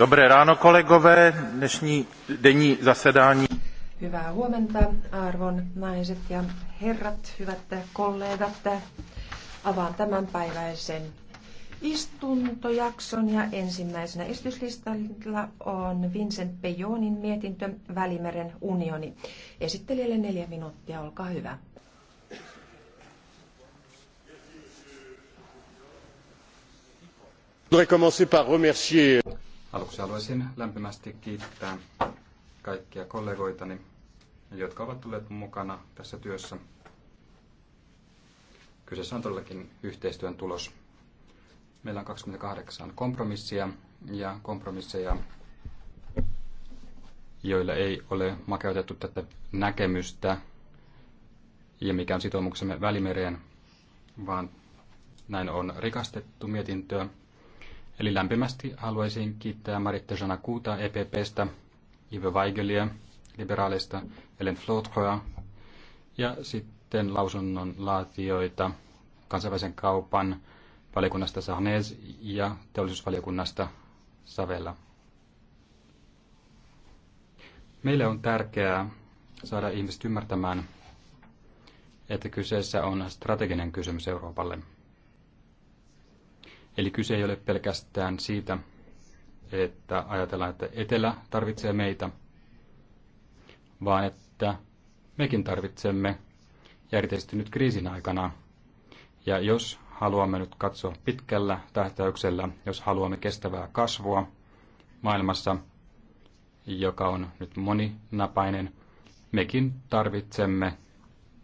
Dobré ráno, kolegové. Dnešní denní zasedání. Hyvää huomenta, arvon naiset ja herrat, hyvät kollegat. Avaan tämän päiväisen istuntojakson ja ensimmäisenä esityslistalla on Vincent Pejonin mietintö Välimeren unioni. Esittelijälle neljä minuuttia, olkaa hyvä. voudrais commencer par remercier Aluksi haluaisin lämpimästi kiittää kaikkia kollegoitani, jotka ovat tulleet mukana tässä työssä. Kyseessä on todellakin yhteistyön tulos. Meillä on 28 kompromissia ja kompromisseja, joilla ei ole makeutettu tätä näkemystä ja mikä on sitoumuksemme välimereen, vaan näin on rikastettu mietintöä Eli lämpimästi haluaisin kiittää Maritte Janakuta EPPstä, Ive Weigelia liberaalista, Ellen Flotroa ja sitten lausunnon laatioita kansainvälisen kaupan valiokunnasta Sarnez ja teollisuusvaliokunnasta Savella. Meille on tärkeää saada ihmiset ymmärtämään, että kyseessä on strateginen kysymys Euroopalle. Eli kyse ei ole pelkästään siitä, että ajatellaan, että etelä tarvitsee meitä, vaan että mekin tarvitsemme järjestetty nyt kriisin aikana. Ja jos haluamme nyt katsoa pitkällä tähtäyksellä, jos haluamme kestävää kasvua maailmassa, joka on nyt moninapainen, mekin tarvitsemme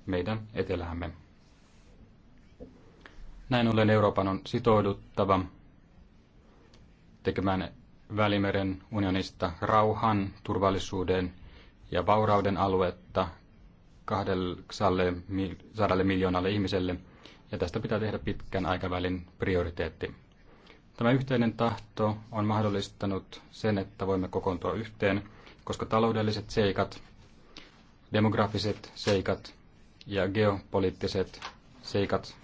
meidän etelämme. Näin ollen Euroopan on sitouduttava tekemään Välimeren unionista rauhan, turvallisuuden ja vaurauden aluetta 200 miljoonalle ihmiselle, ja tästä pitää tehdä pitkän aikavälin prioriteetti. Tämä yhteinen tahto on mahdollistanut sen, että voimme kokoontua yhteen, koska taloudelliset seikat, demografiset seikat ja geopoliittiset seikat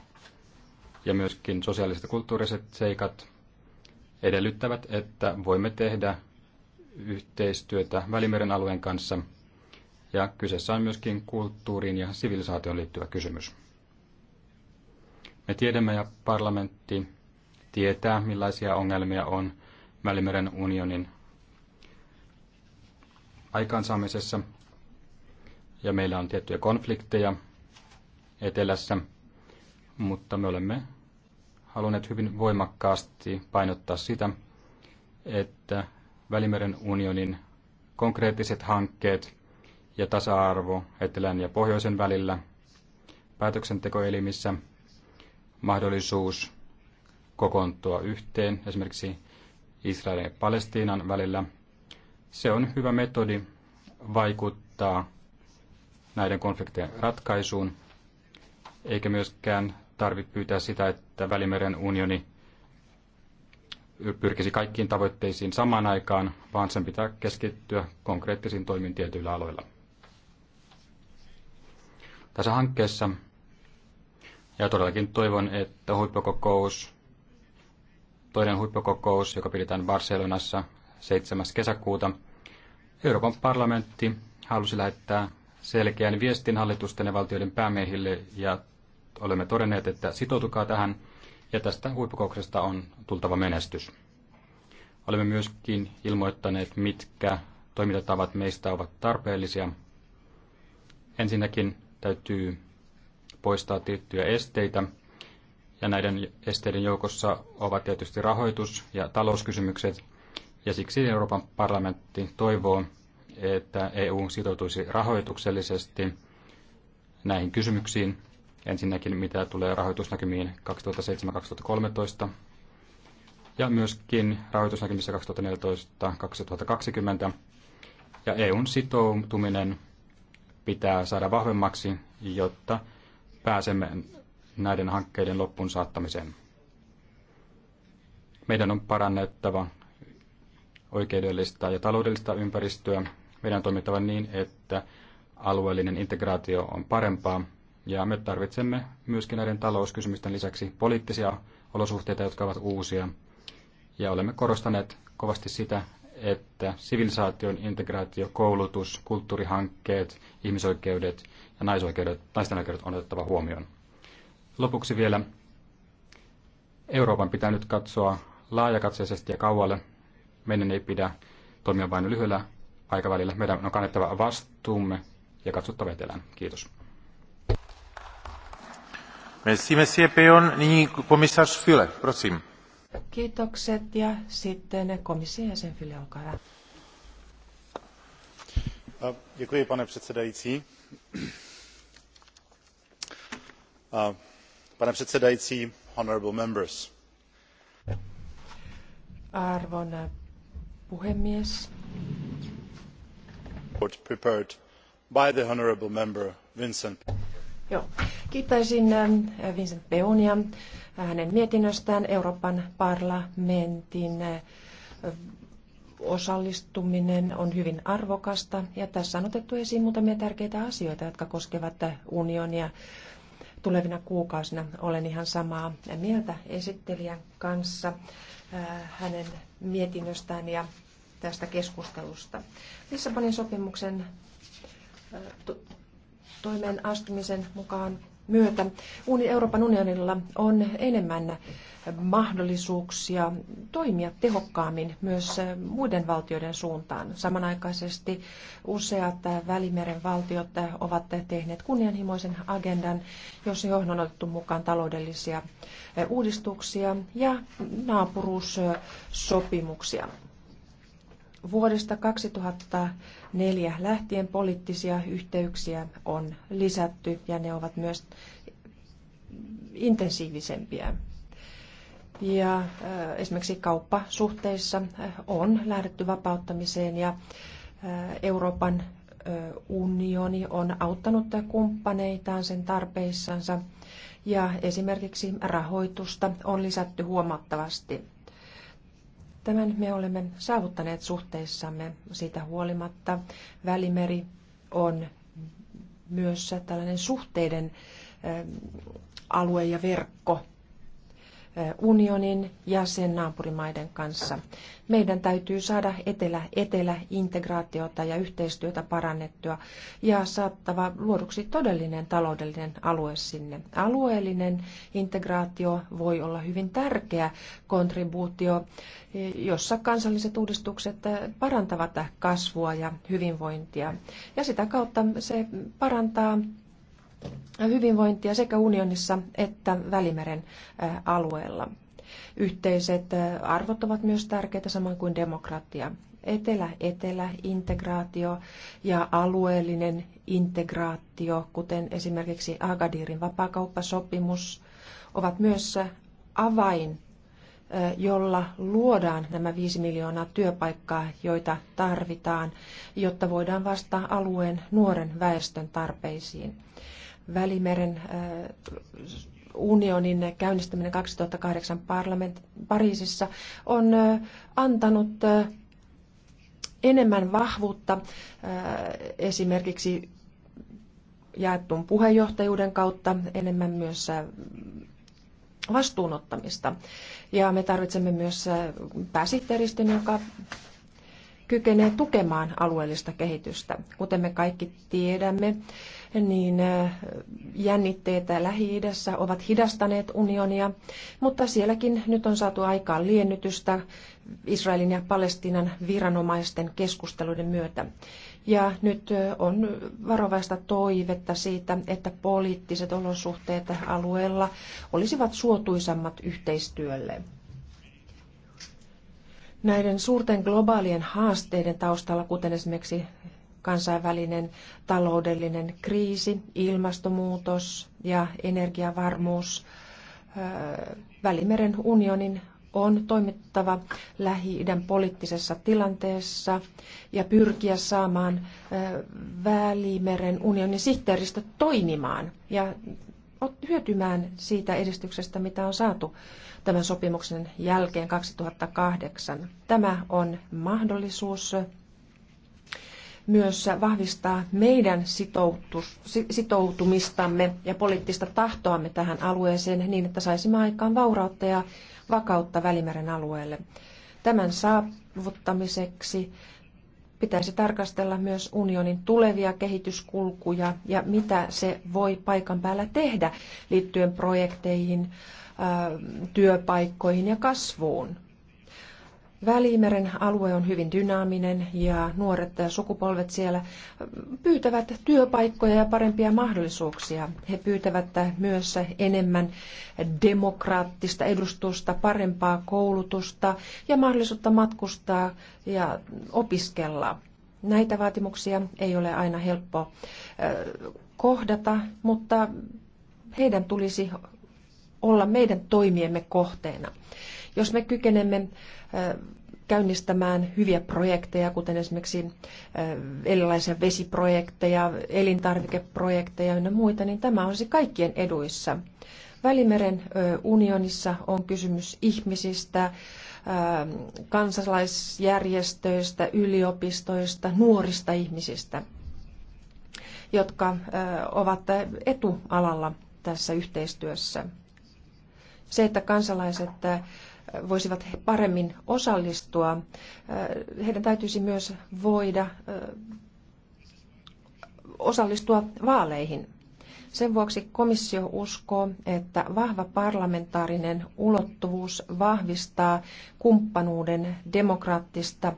ja myöskin sosiaaliset ja kulttuuriset seikat edellyttävät, että voimme tehdä yhteistyötä Välimeren alueen kanssa. Ja kyseessä on myöskin kulttuuriin ja sivilisaatioon liittyvä kysymys. Me tiedämme ja parlamentti tietää, millaisia ongelmia on Välimeren unionin aikaansaamisessa. Ja meillä on tiettyjä konflikteja etelässä, mutta me olemme halunneet hyvin voimakkaasti painottaa sitä, että Välimeren unionin konkreettiset hankkeet ja tasa-arvo etelän ja pohjoisen välillä, päätöksentekoelimissä, mahdollisuus kokoontua yhteen esimerkiksi Israelin ja Palestiinan välillä, se on hyvä metodi vaikuttaa näiden konfliktien ratkaisuun, eikä myöskään tarvitse pyytää sitä, että Välimeren unioni pyrkisi kaikkiin tavoitteisiin samaan aikaan, vaan sen pitää keskittyä konkreettisiin toimiin tietyillä aloilla. Tässä hankkeessa ja todellakin toivon, että huippukokous, toinen huippukokous, joka pidetään Barcelonassa 7. kesäkuuta, Euroopan parlamentti halusi lähettää selkeän viestin hallitusten ja valtioiden päämiehille ja olemme todenneet, että sitoutukaa tähän ja tästä huippukouksesta on tultava menestys. Olemme myöskin ilmoittaneet, mitkä toimintatavat meistä ovat tarpeellisia. Ensinnäkin täytyy poistaa tiettyjä esteitä, ja näiden esteiden joukossa ovat tietysti rahoitus- ja talouskysymykset, ja siksi Euroopan parlamentti toivoo, että EU sitoutuisi rahoituksellisesti näihin kysymyksiin Ensinnäkin mitä tulee rahoitusnäkymiin 2007-2013 ja myöskin rahoitusnäkymissä 2014-2020. Ja EUn sitoutuminen pitää saada vahvemmaksi, jotta pääsemme näiden hankkeiden loppuun saattamiseen. Meidän on parannettava oikeudellista ja taloudellista ympäristöä. Meidän on toimittava niin, että alueellinen integraatio on parempaa ja me tarvitsemme myöskin näiden talouskysymysten lisäksi poliittisia olosuhteita, jotka ovat uusia. Ja olemme korostaneet kovasti sitä, että sivilisaation integraatio, koulutus, kulttuurihankkeet, ihmisoikeudet ja naisoikeudet, naisten oikeudet on otettava huomioon. Lopuksi vielä Euroopan pitää nyt katsoa laajakatseisesti ja kaualle. Meidän ei pidä toimia vain lyhyellä aikavälillä. Meidän on kannettava vastuumme ja katsottava etelään. Kiitos. Merci, monsieur Peon. Nyní komissař Füle, prosím. Kiitokset ja sitten komission jäsen Füle, olkaa hyvä. Děkuji, pane předsedající. Pane předsedající, honorable members. Arvon puhemies. Prepared by the honorable member Vincent. Joo. Kiittäisin ähm, Vincent Peonia hänen mietinnöstään Euroopan parlamentin äh, osallistuminen on hyvin arvokasta ja tässä on otettu esiin muutamia tärkeitä asioita, jotka koskevat äh, unionia tulevina kuukausina. Olen ihan samaa mieltä esittelijän kanssa äh, hänen mietinnöstään ja tästä keskustelusta. Lissabonin sopimuksen toimeen astumisen mukaan myötä Euroopan unionilla on enemmän mahdollisuuksia toimia tehokkaammin myös muiden valtioiden suuntaan. Samanaikaisesti useat Välimeren valtiot ovat tehneet kunnianhimoisen agendan, jossa johon on otettu mukaan taloudellisia uudistuksia ja naapuruussopimuksia. Vuodesta 2004 lähtien poliittisia yhteyksiä on lisätty ja ne ovat myös intensiivisempiä. Ja äh, esimerkiksi kauppasuhteissa äh, on lähdetty vapauttamiseen ja äh, Euroopan unioni on auttanut kumppaneitaan sen tarpeissansa ja esimerkiksi rahoitusta on lisätty huomattavasti. Tämän me olemme saavuttaneet suhteissamme siitä huolimatta. Välimeri on myös tällainen suhteiden alue ja verkko unionin ja sen naapurimaiden kanssa. Meidän täytyy saada etelä-etelä-integraatiota ja yhteistyötä parannettua ja saattava luoduksi todellinen taloudellinen alue sinne. Alueellinen integraatio voi olla hyvin tärkeä kontribuutio, jossa kansalliset uudistukset parantavat kasvua ja hyvinvointia. Ja sitä kautta se parantaa hyvinvointia sekä unionissa että Välimeren alueella. Yhteiset arvot ovat myös tärkeitä, samoin kuin demokratia. Etelä-etelä-integraatio ja alueellinen integraatio, kuten esimerkiksi Agadirin vapaakauppasopimus, ovat myös avain, jolla luodaan nämä viisi miljoonaa työpaikkaa, joita tarvitaan, jotta voidaan vastata alueen nuoren väestön tarpeisiin. Välimeren äh, unionin käynnistäminen 2008 parlament, Pariisissa on äh, antanut äh, enemmän vahvuutta esimerkiksi jaettun puheenjohtajuuden kautta, enemmän myös vastuunottamista. Ja me tarvitsemme myös pääsihteeristön, joka kykenee tukemaan alueellista kehitystä. Kuten me kaikki tiedämme, niin äh, jännitteitä Lähi-idässä ovat hidastaneet unionia, mutta sielläkin nyt on saatu aikaan liennytystä Israelin ja Palestiinan viranomaisten keskusteluiden myötä. Ja nyt äh, on varovaista toivetta siitä, että poliittiset olosuhteet alueella olisivat suotuisammat yhteistyölle. Näiden suurten globaalien haasteiden taustalla, kuten esimerkiksi kansainvälinen taloudellinen kriisi, ilmastonmuutos ja energiavarmuus, Välimeren unionin on toimittava Lähi-idän poliittisessa tilanteessa ja pyrkiä saamaan Välimeren unionin sihteeristö toimimaan ja hyötymään siitä edistyksestä, mitä on saatu tämän sopimuksen jälkeen 2008. Tämä on mahdollisuus myös vahvistaa meidän sitoutumistamme ja poliittista tahtoamme tähän alueeseen niin, että saisimme aikaan vaurautta ja vakautta Välimeren alueelle. Tämän saavuttamiseksi pitäisi tarkastella myös unionin tulevia kehityskulkuja ja mitä se voi paikan päällä tehdä liittyen projekteihin, työpaikkoihin ja kasvuun. Välimeren alue on hyvin dynaaminen ja nuoret sukupolvet siellä pyytävät työpaikkoja ja parempia mahdollisuuksia. He pyytävät myös enemmän demokraattista edustusta, parempaa koulutusta ja mahdollisuutta matkustaa ja opiskella. Näitä vaatimuksia ei ole aina helppo kohdata, mutta heidän tulisi olla meidän toimiemme kohteena. Jos me kykenemme käynnistämään hyviä projekteja, kuten esimerkiksi erilaisia vesiprojekteja, elintarvikeprojekteja ja muita, niin tämä on se kaikkien eduissa. Välimeren unionissa on kysymys ihmisistä, kansalaisjärjestöistä, yliopistoista, nuorista ihmisistä, jotka ovat etualalla tässä yhteistyössä. Se, että kansalaiset äh, voisivat paremmin osallistua, äh, heidän täytyisi myös voida äh, osallistua vaaleihin. Sen vuoksi komissio uskoo, että vahva parlamentaarinen ulottuvuus vahvistaa kumppanuuden demokraattista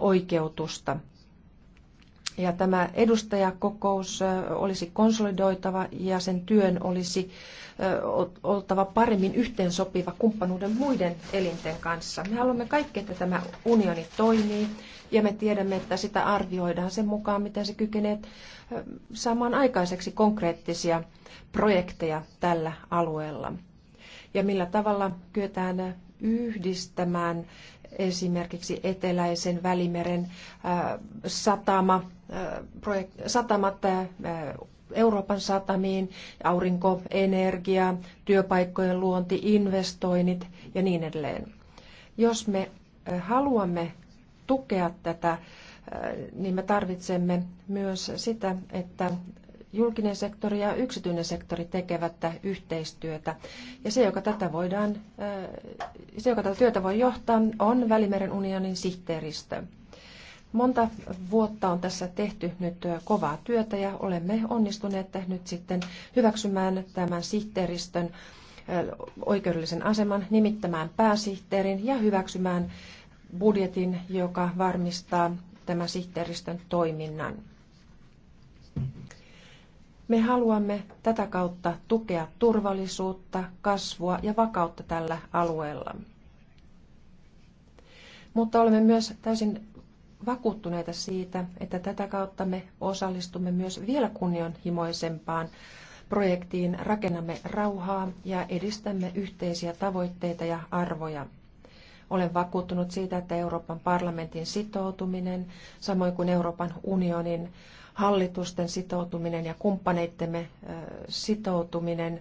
oikeutusta. Ja tämä edustajakokous olisi konsolidoitava ja sen työn olisi oltava paremmin yhteensopiva kumppanuuden muiden elinten kanssa. Me haluamme kaikki, että tämä unioni toimii ja me tiedämme, että sitä arvioidaan sen mukaan, miten se kykenee saamaan aikaiseksi konkreettisia projekteja tällä alueella ja millä tavalla kyetään yhdistämään esimerkiksi eteläisen välimeren äh, satama, äh, satamat äh, Euroopan satamiin, aurinkoenergia, työpaikkojen luonti, investoinnit ja niin edelleen. Jos me haluamme tukea tätä, niin me tarvitsemme myös sitä, että Julkinen sektori ja yksityinen sektori tekevät yhteistyötä. Ja se, joka tätä, voidaan, äh, se, joka tätä työtä voi johtaa, on Välimeren unionin sihteeristö. Monta vuotta on tässä tehty nyt äh, kovaa työtä ja olemme onnistuneet nyt sitten hyväksymään tämän sihteeristön äh, oikeudellisen aseman, nimittämään pääsihteerin ja hyväksymään budjetin, joka varmistaa tämän sihteeristön toiminnan. Me haluamme tätä kautta tukea turvallisuutta, kasvua ja vakautta tällä alueella. Mutta olemme myös täysin vakuuttuneita siitä, että tätä kautta me osallistumme myös vielä kunnianhimoisempaan projektiin Rakennamme rauhaa ja edistämme yhteisiä tavoitteita ja arvoja. Olen vakuuttunut siitä, että Euroopan parlamentin sitoutuminen, samoin kuin Euroopan unionin hallitusten sitoutuminen ja kumppaneittemme sitoutuminen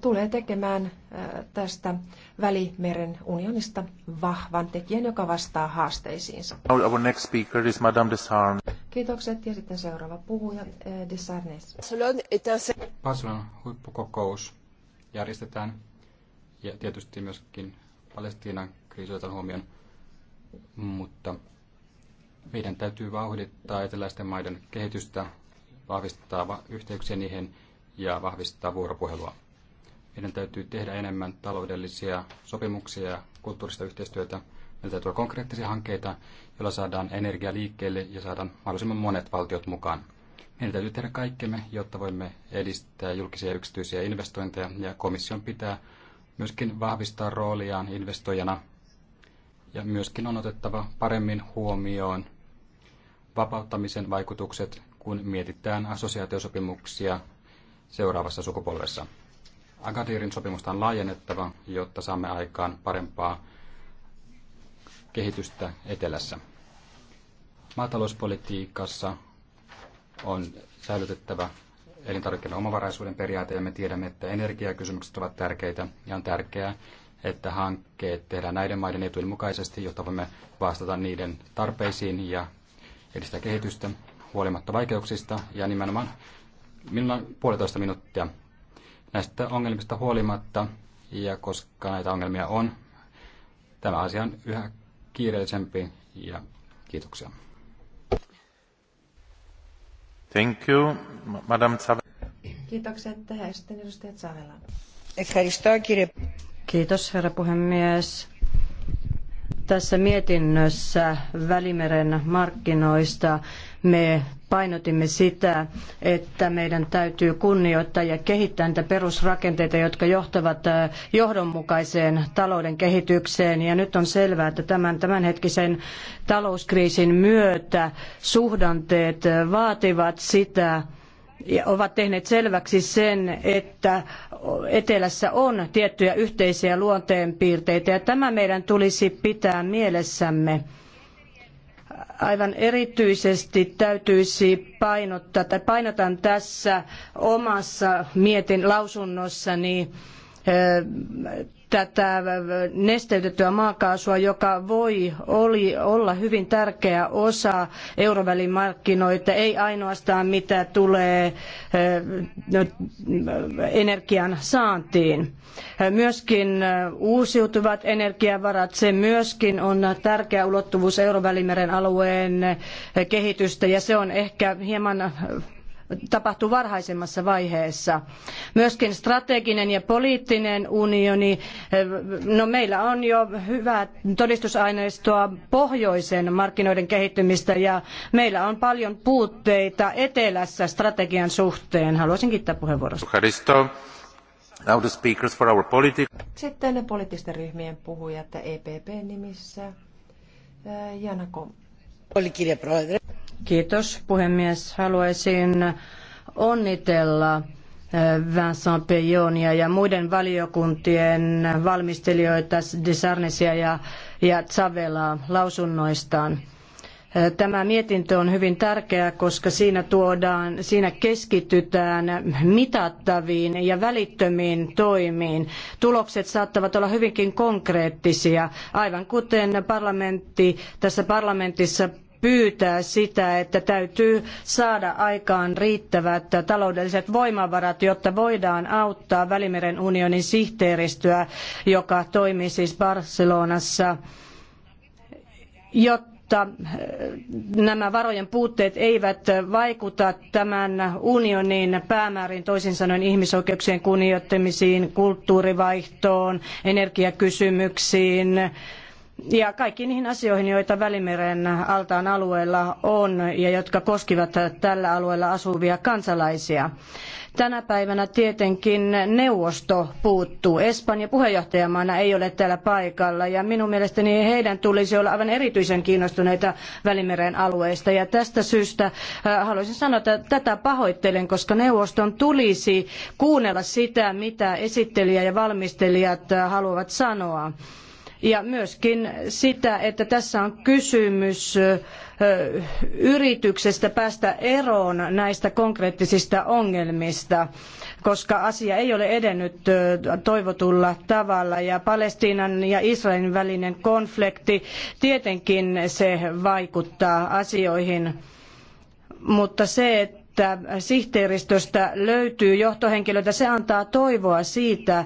tulee tekemään tästä Välimeren unionista vahvan tekijän, joka vastaa haasteisiinsa. Our next speaker is Madame Desarn. Kiitokset ja sitten seuraava puhuja Desarnes. Barcelonan huippukokous järjestetään ja tietysti myöskin Palestiinan kriisi otetaan huomioon, mutta meidän täytyy vauhdittaa eteläisten maiden kehitystä, vahvistaa yhteyksiä niihin ja vahvistaa vuoropuhelua. Meidän täytyy tehdä enemmän taloudellisia sopimuksia ja kulttuurista yhteistyötä. Meillä täytyy olla konkreettisia hankkeita, joilla saadaan energia liikkeelle ja saadaan mahdollisimman monet valtiot mukaan. Meidän täytyy tehdä kaikkemme, jotta voimme edistää julkisia ja yksityisiä investointeja ja komission pitää myöskin vahvistaa rooliaan investoijana ja myöskin on otettava paremmin huomioon vapauttamisen vaikutukset, kun mietitään assosiaatiosopimuksia seuraavassa sukupolvessa. Agadirin sopimusta on laajennettava, jotta saamme aikaan parempaa kehitystä etelässä. Maatalouspolitiikassa on säilytettävä elintarvikkeiden omavaraisuuden periaate ja me tiedämme, että energiakysymykset ovat tärkeitä ja on tärkeää, että hankkeet tehdään näiden maiden etujen mukaisesti, jotta voimme vastata niiden tarpeisiin ja edistää kehitystä huolimatta vaikeuksista ja nimenomaan minulla on puolitoista minuuttia näistä ongelmista huolimatta ja koska näitä ongelmia on, tämä asia on yhä kiireellisempi ja kiitoksia. Thank you, Madam Kiitokset. Ja sitten edustajat Savela. Kiitos, herra puhemies. Tässä mietinnössä Välimeren markkinoista me painotimme sitä, että meidän täytyy kunnioittaa ja kehittää niitä perusrakenteita, jotka johtavat äh, johdonmukaiseen talouden kehitykseen. Ja nyt on selvää, että tämän tämänhetkisen talouskriisin myötä suhdanteet äh, vaativat sitä, ja ovat tehneet selväksi sen, että etelässä on tiettyjä yhteisiä luonteenpiirteitä ja tämä meidän tulisi pitää mielessämme aivan erityisesti täytyisi painottaa, tai painotan tässä omassa mietin lausunnossani tätä nesteytettyä maakaasua, joka voi oli, olla hyvin tärkeä osa eurovälin markkinoita, ei ainoastaan mitä tulee eh, energian saantiin. Myöskin eh, uusiutuvat energiavarat, se myöskin on tärkeä ulottuvuus Eurovälimeren alueen eh, kehitystä ja se on ehkä hieman tapahtuu varhaisemmassa vaiheessa. Myöskin strateginen ja poliittinen unioni, eh, no meillä on jo hyvää todistusaineistoa pohjoisen markkinoiden kehittymistä ja meillä on paljon puutteita etelässä strategian suhteen. Haluaisin kiittää puheenvuorosta. Now the speakers for our politi- Sitten poliittisten ryhmien puhujat EPP nimissä. Eh, Janako. Kiitos puhemies. Haluaisin onnitella äh, Vincent Pejonia ja muiden valiokuntien valmistelijoita Desarnesia ja, ja Zavelaa lausunnoistaan. Äh, tämä mietintö on hyvin tärkeä, koska siinä, tuodaan, siinä keskitytään mitattaviin ja välittömiin toimiin. Tulokset saattavat olla hyvinkin konkreettisia, aivan kuten parlamentti, tässä parlamentissa pyytää sitä, että täytyy saada aikaan riittävät taloudelliset voimavarat, jotta voidaan auttaa Välimeren unionin sihteeristöä, joka toimii siis Barcelonassa, jotta eh, nämä varojen puutteet eivät vaikuta tämän unionin päämäärin, toisin sanoen ihmisoikeuksien kunnioittamisiin, kulttuurivaihtoon, energiakysymyksiin, ja kaikkiin niihin asioihin, joita Välimeren altaan alueella on ja jotka koskivat tällä alueella asuvia kansalaisia. Tänä päivänä tietenkin neuvosto puuttuu. Espanja puheenjohtajamaana ei ole täällä paikalla ja minun mielestäni heidän tulisi olla aivan erityisen kiinnostuneita Välimeren alueesta. Ja tästä syystä äh, haluaisin sanoa, että tätä pahoittelen, koska neuvoston tulisi kuunnella sitä, mitä esittelijä ja valmistelijat äh, haluavat sanoa ja myöskin sitä, että tässä on kysymys yrityksestä päästä eroon näistä konkreettisista ongelmista, koska asia ei ole edennyt toivotulla tavalla ja Palestiinan ja Israelin välinen konflikti tietenkin se vaikuttaa asioihin, mutta se, että että sihteeristöstä löytyy johtohenkilöitä, se antaa toivoa siitä,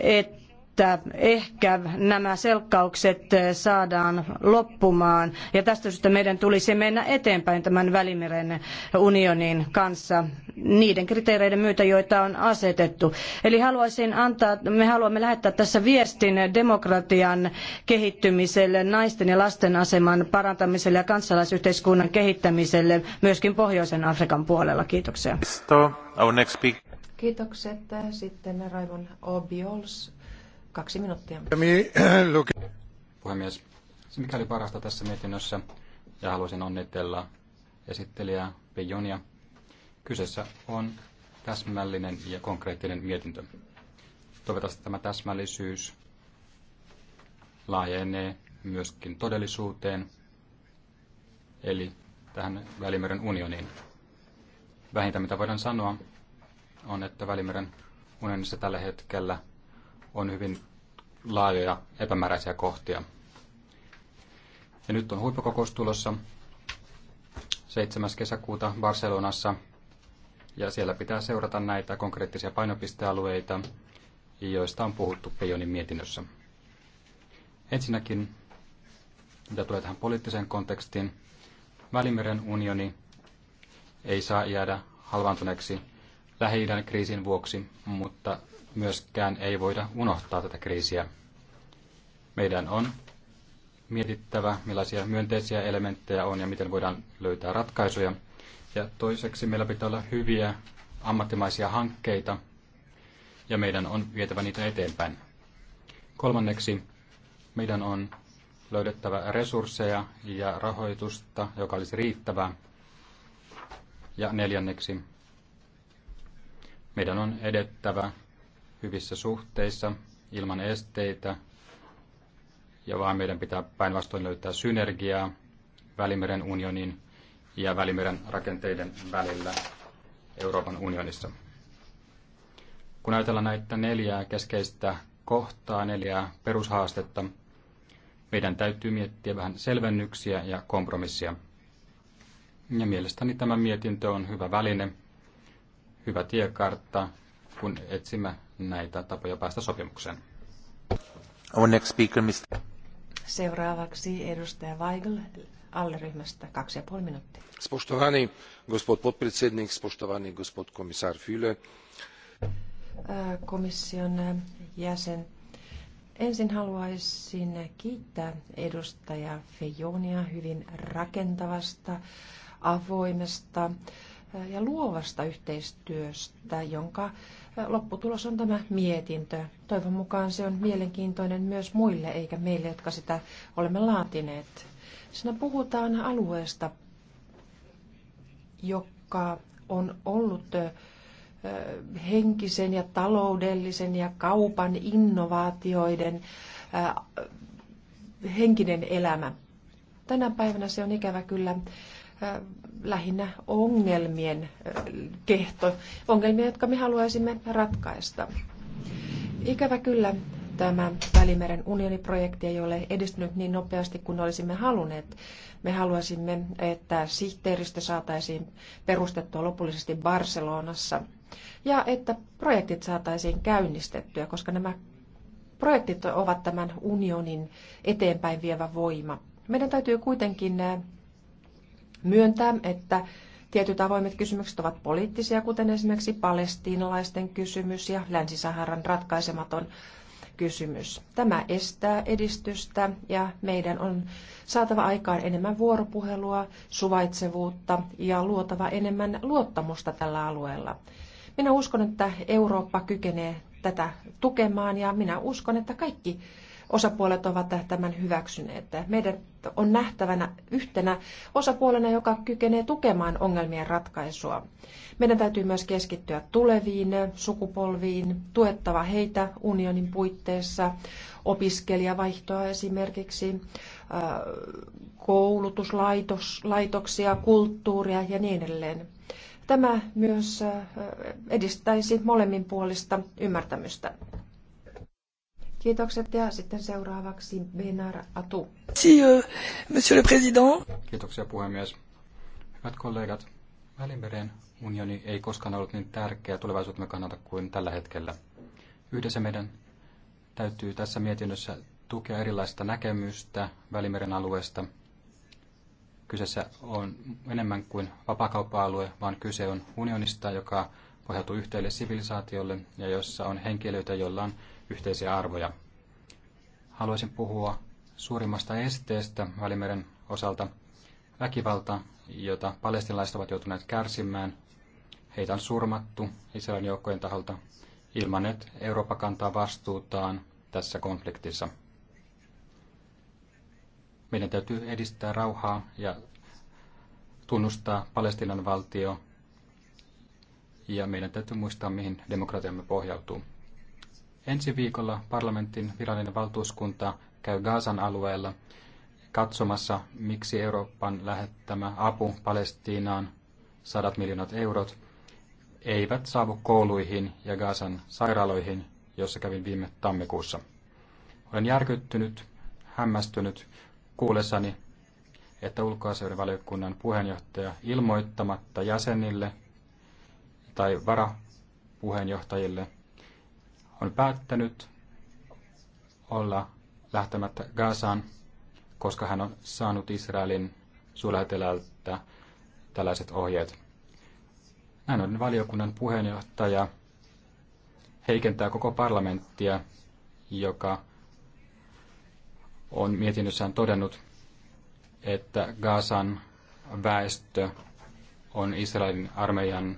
että että ehkä nämä selkkaukset eh, saadaan loppumaan. Ja tästä syystä meidän tulisi mennä eteenpäin tämän Välimeren unionin kanssa niiden kriteereiden myötä, joita on asetettu. Eli haluaisin antaa, me haluamme lähettää tässä viestin demokratian kehittymiselle, naisten ja lasten aseman parantamiselle ja kansalaisyhteiskunnan kehittämiselle myöskin Pohjoisen Afrikan puolella. Kiitoksia. Kiitokset. Sitten Raivon Obiols Kaksi minuuttia. Eh, Puhemies, se mikä oli parasta tässä mietinnössä, ja haluaisin onnitella esittelijää Pejonia. Kyseessä on täsmällinen ja konkreettinen mietintö. Toivottavasti tämä täsmällisyys laajenee myöskin todellisuuteen, eli tähän Välimeren unioniin. Vähintä mitä voidaan sanoa on, että Välimeren unionissa tällä hetkellä on hyvin laajoja epämääräisiä kohtia. Ja nyt on huippukokous tulossa 7. kesäkuuta Barcelonassa, ja siellä pitää seurata näitä konkreettisia painopistealueita, joista on puhuttu Pejonin mietinnössä. Ensinnäkin, mitä tulee tähän poliittiseen kontekstiin, Välimeren unioni ei saa jäädä halvaantuneeksi lähi kriisin vuoksi, mutta myöskään ei voida unohtaa tätä kriisiä. Meidän on mietittävä, millaisia myönteisiä elementtejä on ja miten voidaan löytää ratkaisuja. Ja toiseksi meillä pitää olla hyviä ammattimaisia hankkeita ja meidän on vietävä niitä eteenpäin. Kolmanneksi meidän on löydettävä resursseja ja rahoitusta, joka olisi riittävää. Ja neljänneksi meidän on edettävä hyvissä suhteissa ilman esteitä ja vaan meidän pitää päinvastoin löytää synergiaa Välimeren unionin ja Välimeren rakenteiden välillä Euroopan unionissa. Kun ajatellaan näitä neljää keskeistä kohtaa, neljää perushaastetta, meidän täytyy miettiä vähän selvennyksiä ja kompromissia. Ja mielestäni tämä mietintö on hyvä väline, hyvä tiekartta, kun etsimme näitä tapoja päästä sopimukseen. Seuraavaksi edustaja Weigel alleryhmästä kaksi ja puoli minuuttia. Spoštovani gospod podpredsednik, spoštovani gospod komisar Füle. Komission jäsen. Ensin haluaisin kiittää edustaja Fejonia hyvin rakentavasta, avoimesta ja luovasta yhteistyöstä, jonka Lopputulos on tämä mietintö. Toivon mukaan se on mielenkiintoinen myös muille eikä meille, jotka sitä olemme laatineet. Siinä puhutaan alueesta, joka on ollut henkisen ja taloudellisen ja kaupan innovaatioiden henkinen elämä. Tänä päivänä se on ikävä kyllä lähinnä ongelmien kehto, ongelmia, jotka me haluaisimme ratkaista. Ikävä kyllä tämä Välimeren unioniprojekti ei ole edistynyt niin nopeasti kuin olisimme halunneet. Me haluaisimme, että sihteeristö saataisiin perustettua lopullisesti Barcelonassa ja että projektit saataisiin käynnistettyä, koska nämä projektit ovat tämän unionin eteenpäin vievä voima. Meidän täytyy kuitenkin myöntää, että tietyt avoimet kysymykset ovat poliittisia, kuten esimerkiksi palestiinalaisten kysymys ja Länsi-Saharan ratkaisematon kysymys. Tämä estää edistystä ja meidän on saatava aikaan enemmän vuoropuhelua, suvaitsevuutta ja luotava enemmän luottamusta tällä alueella. Minä uskon, että Eurooppa kykenee tätä tukemaan ja minä uskon, että kaikki osapuolet ovat tämän hyväksyneet. Meidän on nähtävänä yhtenä osapuolena, joka kykenee tukemaan ongelmien ratkaisua. Meidän täytyy myös keskittyä tuleviin sukupolviin, tuettava heitä unionin puitteissa, opiskelijavaihtoa esimerkiksi, äh, koulutuslaitoksia, kulttuuria ja niin edelleen. Tämä myös äh, edistäisi molemminpuolista ymmärtämystä. Kiitokset ja sitten seuraavaksi Benar Atu. Si, euh, monsieur le président. Kiitoksia puhemies. Hyvät kollegat, Välimeren unioni ei koskaan ollut niin tärkeä tulevaisuutemme kannalta kuin tällä hetkellä. Yhdessä meidän täytyy tässä mietinnössä tukea erilaista näkemystä Välimeren alueesta. Kyseessä on enemmän kuin vapakauppa-alue, vaan kyse on unionista, joka pohjautuu yhteille sivilisaatiolle ja jossa on henkilöitä, joilla on yhteisiä arvoja. Haluaisin puhua suurimmasta esteestä Välimeren osalta väkivalta, jota palestinalaiset ovat joutuneet kärsimään. Heitä on surmattu Israelin joukkojen taholta ilman, että Eurooppa kantaa vastuutaan tässä konfliktissa. Meidän täytyy edistää rauhaa ja tunnustaa Palestinan valtio ja meidän täytyy muistaa, mihin demokratiamme pohjautuu. Ensi viikolla parlamentin virallinen valtuuskunta käy Gaasan alueella katsomassa, miksi Euroopan lähettämä apu Palestiinaan, sadat miljoonat eurot, eivät saavu kouluihin ja Gaasan sairaaloihin, jossa kävin viime tammikuussa. Olen järkyttynyt, hämmästynyt kuullessani, että ulkoasioiden puheenjohtaja ilmoittamatta jäsenille tai varapuheenjohtajille – on päättänyt olla lähtemättä Gazaan, koska hän on saanut Israelin suurlähettilältä tällaiset ohjeet. Näin on valiokunnan puheenjohtaja heikentää koko parlamenttia, joka on mietinnössään todennut, että Gaasan väestö on Israelin armeijan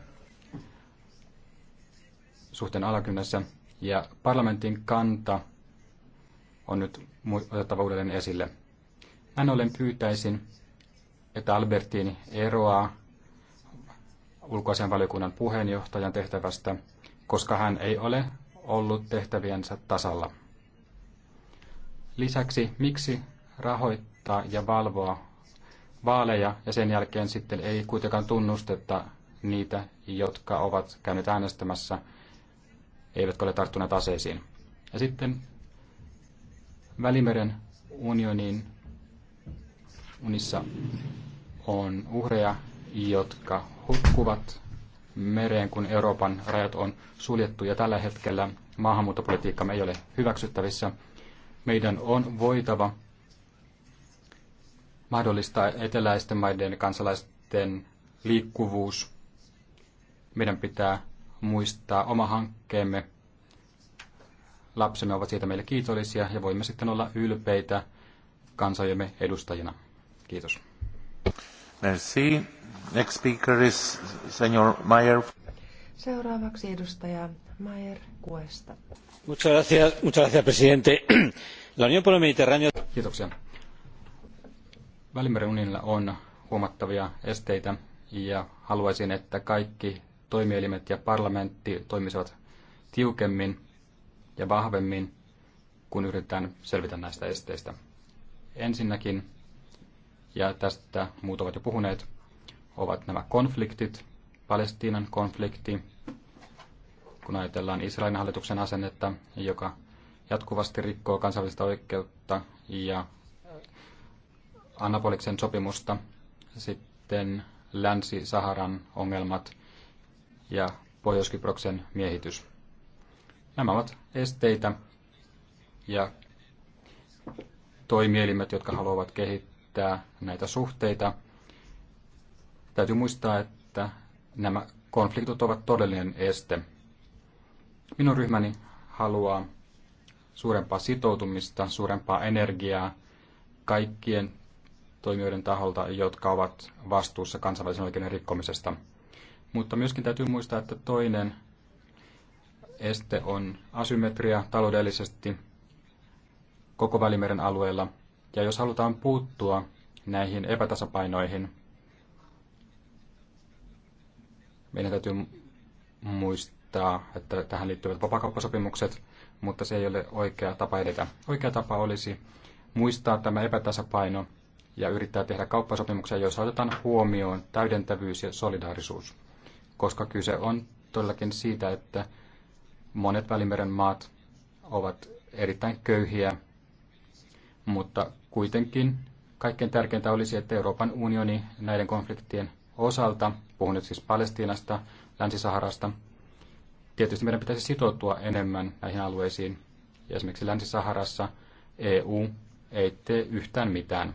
suhteen alakynnässä ja parlamentin kanta on nyt otettava uudelleen esille. Näin ollen pyytäisin, että Albertin eroaa ulkoasianvaliokunnan puheenjohtajan tehtävästä, koska hän ei ole ollut tehtäviensä tasalla. Lisäksi, miksi rahoittaa ja valvoa vaaleja ja sen jälkeen sitten ei kuitenkaan tunnusteta niitä, jotka ovat käyneet äänestämässä – eivätkä ole tarttuneet aseisiin. Ja sitten Välimeren unionin unissa on uhreja, jotka hukkuvat mereen, kun Euroopan rajat on suljettu ja tällä hetkellä maahanmuuttopolitiikka ei ole hyväksyttävissä. Meidän on voitava mahdollistaa eteläisten maiden kansalaisten liikkuvuus. Meidän pitää muistaa oma hankkeemme. Lapsemme ovat siitä meille kiitollisia ja voimme sitten olla ylpeitä kansojemme edustajina. Kiitos. Merci. Next speaker is Senor Mayer. Seuraavaksi edustaja Mayer Kuesta. Muchas gracias, muchas gracias presidente. La Unión por el Mediterráneo... Kiitoksia. Välimeren unionilla on huomattavia esteitä ja haluaisin, että kaikki toimielimet ja parlamentti toimisivat tiukemmin ja vahvemmin, kun yritetään selvitä näistä esteistä. Ensinnäkin, ja tästä muut ovat jo puhuneet, ovat nämä konfliktit, Palestiinan konflikti, kun ajatellaan Israelin hallituksen asennetta, joka jatkuvasti rikkoo kansainvälistä oikeutta ja äh, Annapoliksen sopimusta, sitten Länsi-Saharan ongelmat, ja Pohjois-Kyproksen miehitys. Nämä ovat esteitä ja toimielimet, jotka haluavat kehittää näitä suhteita. Täytyy muistaa, että nämä konfliktit ovat todellinen este. Minun ryhmäni haluaa suurempaa sitoutumista, suurempaa energiaa kaikkien toimijoiden taholta, jotka ovat vastuussa kansainvälisen oikeuden rikkomisesta – mutta myöskin täytyy muistaa, että toinen este on asymmetria taloudellisesti koko Välimeren alueella. Ja jos halutaan puuttua näihin epätasapainoihin, meidän täytyy muistaa, että tähän liittyvät vapakauppasopimukset, mutta se ei ole oikea tapa edetä. Oikea tapa olisi muistaa tämä epätasapaino ja yrittää tehdä kauppasopimuksia, joissa otetaan huomioon täydentävyys ja solidaarisuus koska kyse on todellakin siitä, että monet Välimeren maat ovat erittäin köyhiä, mutta kuitenkin kaikkein tärkeintä olisi, että Euroopan unioni näiden konfliktien osalta, puhun nyt siis Palestiinasta, Länsi-Saharasta, tietysti meidän pitäisi sitoutua enemmän näihin alueisiin. Ja esimerkiksi Länsi-Saharassa EU ei tee yhtään mitään.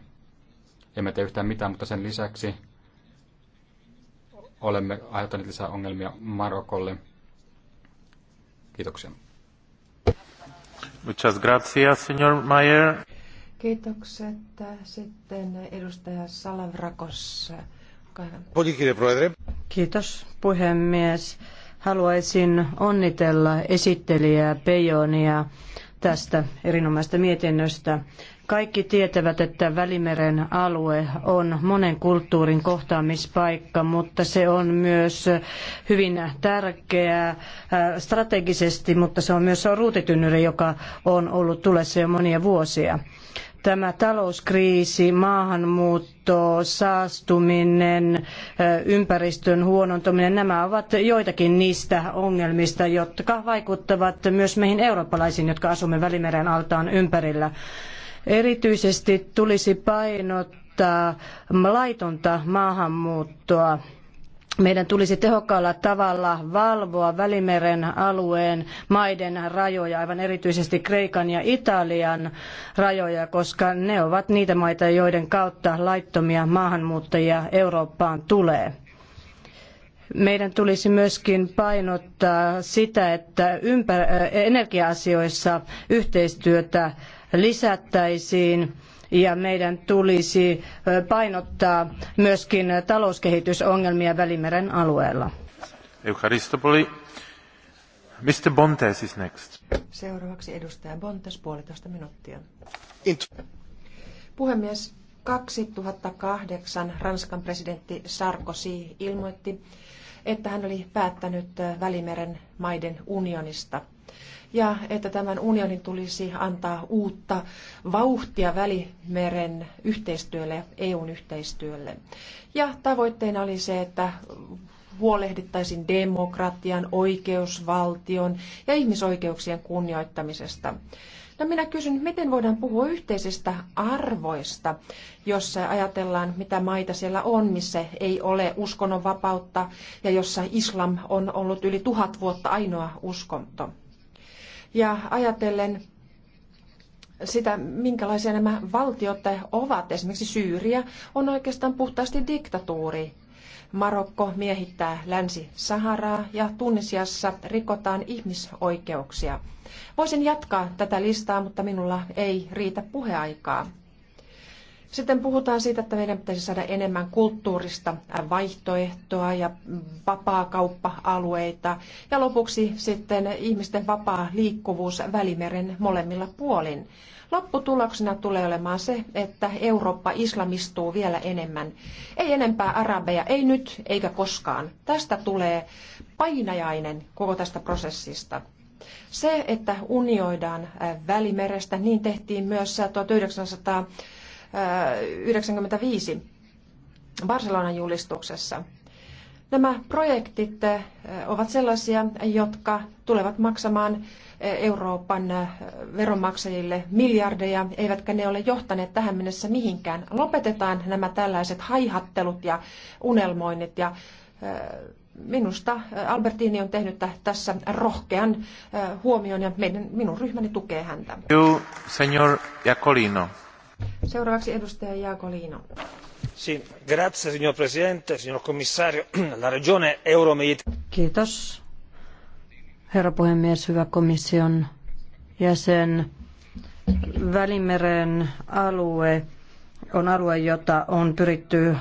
Emme tee yhtään mitään, mutta sen lisäksi olemme aiheuttaneet lisää ongelmia Marokolle. Kiitoksia. Muchas gracias, señor Mayer. Kiitokset. Sitten edustaja Salavrakos. Kiitos puhemies. Haluaisin onnitella esittelijää Pejonia tästä erinomaisesta mietinnöstä. Kaikki tietävät, että Välimeren alue on monen kulttuurin kohtaamispaikka, mutta se on myös hyvin tärkeä äh, strategisesti, mutta se on myös ruutitynnyri, joka on ollut tulessa jo monia vuosia tämä talouskriisi, maahanmuutto, saastuminen, äh, ympäristön huonontuminen, nämä ovat joitakin niistä ongelmista, jotka vaikuttavat myös meihin eurooppalaisiin, jotka asumme Välimeren altaan ympärillä. Erityisesti tulisi painottaa laitonta maahanmuuttoa. Meidän tulisi tehokkaalla tavalla valvoa Välimeren alueen maiden rajoja, aivan erityisesti Kreikan ja Italian rajoja, koska ne ovat niitä maita, joiden kautta laittomia maahanmuuttajia Eurooppaan tulee. Meidän tulisi myöskin painottaa sitä, että ympär- energia-asioissa yhteistyötä lisättäisiin ja meidän tulisi painottaa myöskin talouskehitysongelmia Välimeren alueella. Eucharistopoli. Mr. Bontes is next. Seuraavaksi edustaja Bontes, puolitoista minuuttia. Int. Puhemies, 2008 Ranskan presidentti Sarkozy ilmoitti, että hän oli päättänyt Välimeren maiden unionista – ja että tämän unionin tulisi antaa uutta vauhtia Välimeren yhteistyölle eu EUn yhteistyölle. Ja tavoitteena oli se, että huolehdittaisiin demokratian, oikeusvaltion ja ihmisoikeuksien kunnioittamisesta. No minä kysyn, miten voidaan puhua yhteisistä arvoista, jos ajatellaan, mitä maita siellä on, missä ei ole uskonnonvapautta ja jossa islam on ollut yli tuhat vuotta ainoa uskonto ja ajatellen sitä, minkälaisia nämä valtiot ovat, esimerkiksi Syyria, on oikeastaan puhtaasti diktatuuri. Marokko miehittää Länsi-Saharaa ja Tunisiassa rikotaan ihmisoikeuksia. Voisin jatkaa tätä listaa, mutta minulla ei riitä puheaikaa. Sitten puhutaan siitä, että meidän pitäisi saada enemmän kulttuurista vaihtoehtoa ja vapaa kauppa alueita Ja lopuksi sitten ihmisten vapaa liikkuvuus Välimeren molemmilla puolin. Lopputuloksena tulee olemaan se, että Eurooppa islamistuu vielä enemmän. Ei enempää arabeja, ei nyt eikä koskaan. Tästä tulee painajainen koko tästä prosessista. Se, että unioidaan Välimerestä, niin tehtiin myös 1900 95 Barcelonan julistuksessa. Nämä projektit ovat sellaisia, jotka tulevat maksamaan Euroopan veronmaksajille miljardeja, eivätkä ne ole johtaneet tähän mennessä mihinkään. Lopetetaan nämä tällaiset haihattelut ja unelmoinnit ja minusta Albertini on tehnyt tässä rohkean huomion ja minun ryhmäni tukee häntä. Thank you, Seuraavaksi edustaja grazie signor presidente, signor commissario. La regione Euromit. Kiitos. Herra puhemies, hyvä komission jäsen. Välimeren alue on alue, jota on pyritty äh,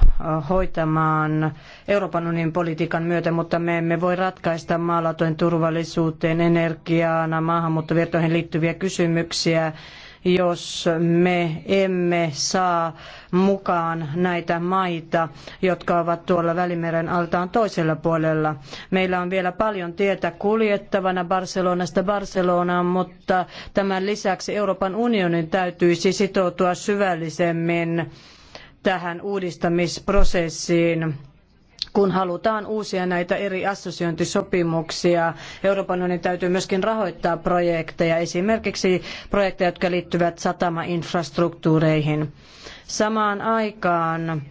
hoitamaan Euroopan unionin politiikan myötä, mutta me emme voi ratkaista maalautojen turvallisuuteen, energiaan, maahanmuuttovirtoihin liittyviä kysymyksiä jos me emme saa mukaan näitä maita, jotka ovat tuolla Välimeren altaan toisella puolella. Meillä on vielä paljon tietä kuljettavana Barcelonasta Barcelonaan, mutta tämän lisäksi Euroopan unionin täytyisi sitoutua syvällisemmin tähän uudistamisprosessiin kun halutaan uusia näitä eri assosiointisopimuksia. Euroopan unionin täytyy myöskin rahoittaa projekteja, esimerkiksi projekteja, jotka liittyvät satamainfrastruktuureihin. Samaan aikaan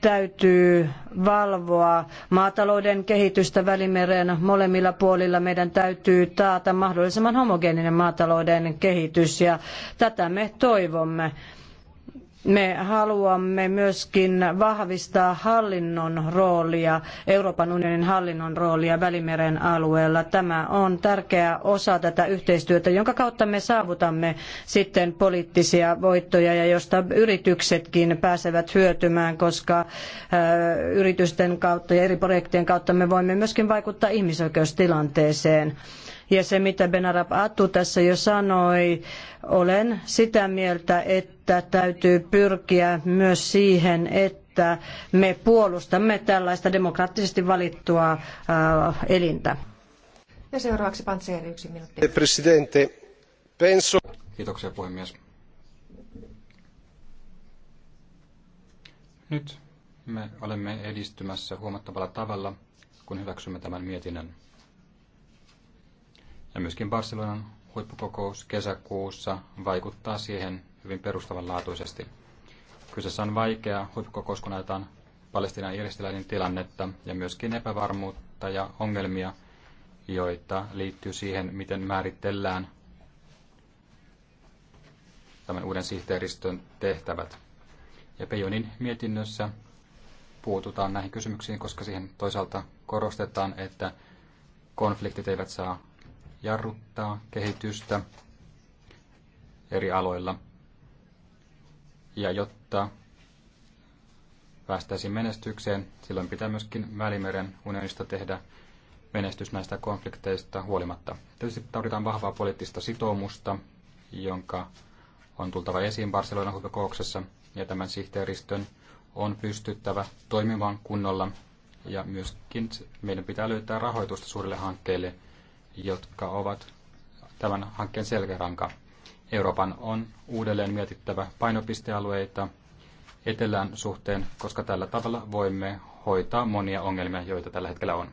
täytyy valvoa maatalouden kehitystä Välimeren molemmilla puolilla. Meidän täytyy taata mahdollisimman homogeeninen maatalouden kehitys ja tätä me toivomme me haluamme myöskin vahvistaa hallinnon roolia, Euroopan unionin hallinnon roolia Välimeren alueella. Tämä on tärkeä osa tätä yhteistyötä, jonka kautta me saavutamme sitten poliittisia voittoja ja josta yrityksetkin pääsevät hyötymään, koska äh, yritysten kautta ja eri projektien kautta me voimme myöskin vaikuttaa ihmisoikeustilanteeseen. Ja se, mitä Benarab Attu tässä jo sanoi, olen sitä mieltä, että täytyy pyrkiä myös siihen, että me puolustamme tällaista demokraattisesti valittua äh, elintä. Ja seuraavaksi Pantseeri yksi minuutti. Eh, presidente, penso... Kiitoksia puhemies. Nyt me olemme edistymässä huomattavalla tavalla, kun hyväksymme tämän mietinnön. Ja myöskin Barcelonan huippukokous kesäkuussa vaikuttaa siihen hyvin perustavanlaatuisesti. Kyseessä on vaikea huippukokous, kun ajetaan Palestinan järjestiläinen tilannetta ja myöskin epävarmuutta ja ongelmia, joita liittyy siihen, miten määritellään tämän uuden sihteeristön tehtävät. Ja Pejonin mietinnössä puututaan näihin kysymyksiin, koska siihen toisaalta korostetaan, että konfliktit eivät saa jarruttaa kehitystä eri aloilla. Ja jotta päästäisiin menestykseen, silloin pitää myöskin Välimeren unionista tehdä menestys näistä konflikteista huolimatta. Tietysti tarvitaan vahvaa poliittista sitoumusta, jonka on tultava esiin Barcelonan huippukouksessa, ja tämän sihteeristön on pystyttävä toimimaan kunnolla, ja myöskin meidän pitää löytää rahoitusta suurille hankkeille, jotka ovat tämän hankkeen selkäranka. Euroopan on uudelleen mietittävä painopistealueita etelän suhteen, koska tällä tavalla voimme hoitaa monia ongelmia, joita tällä hetkellä on.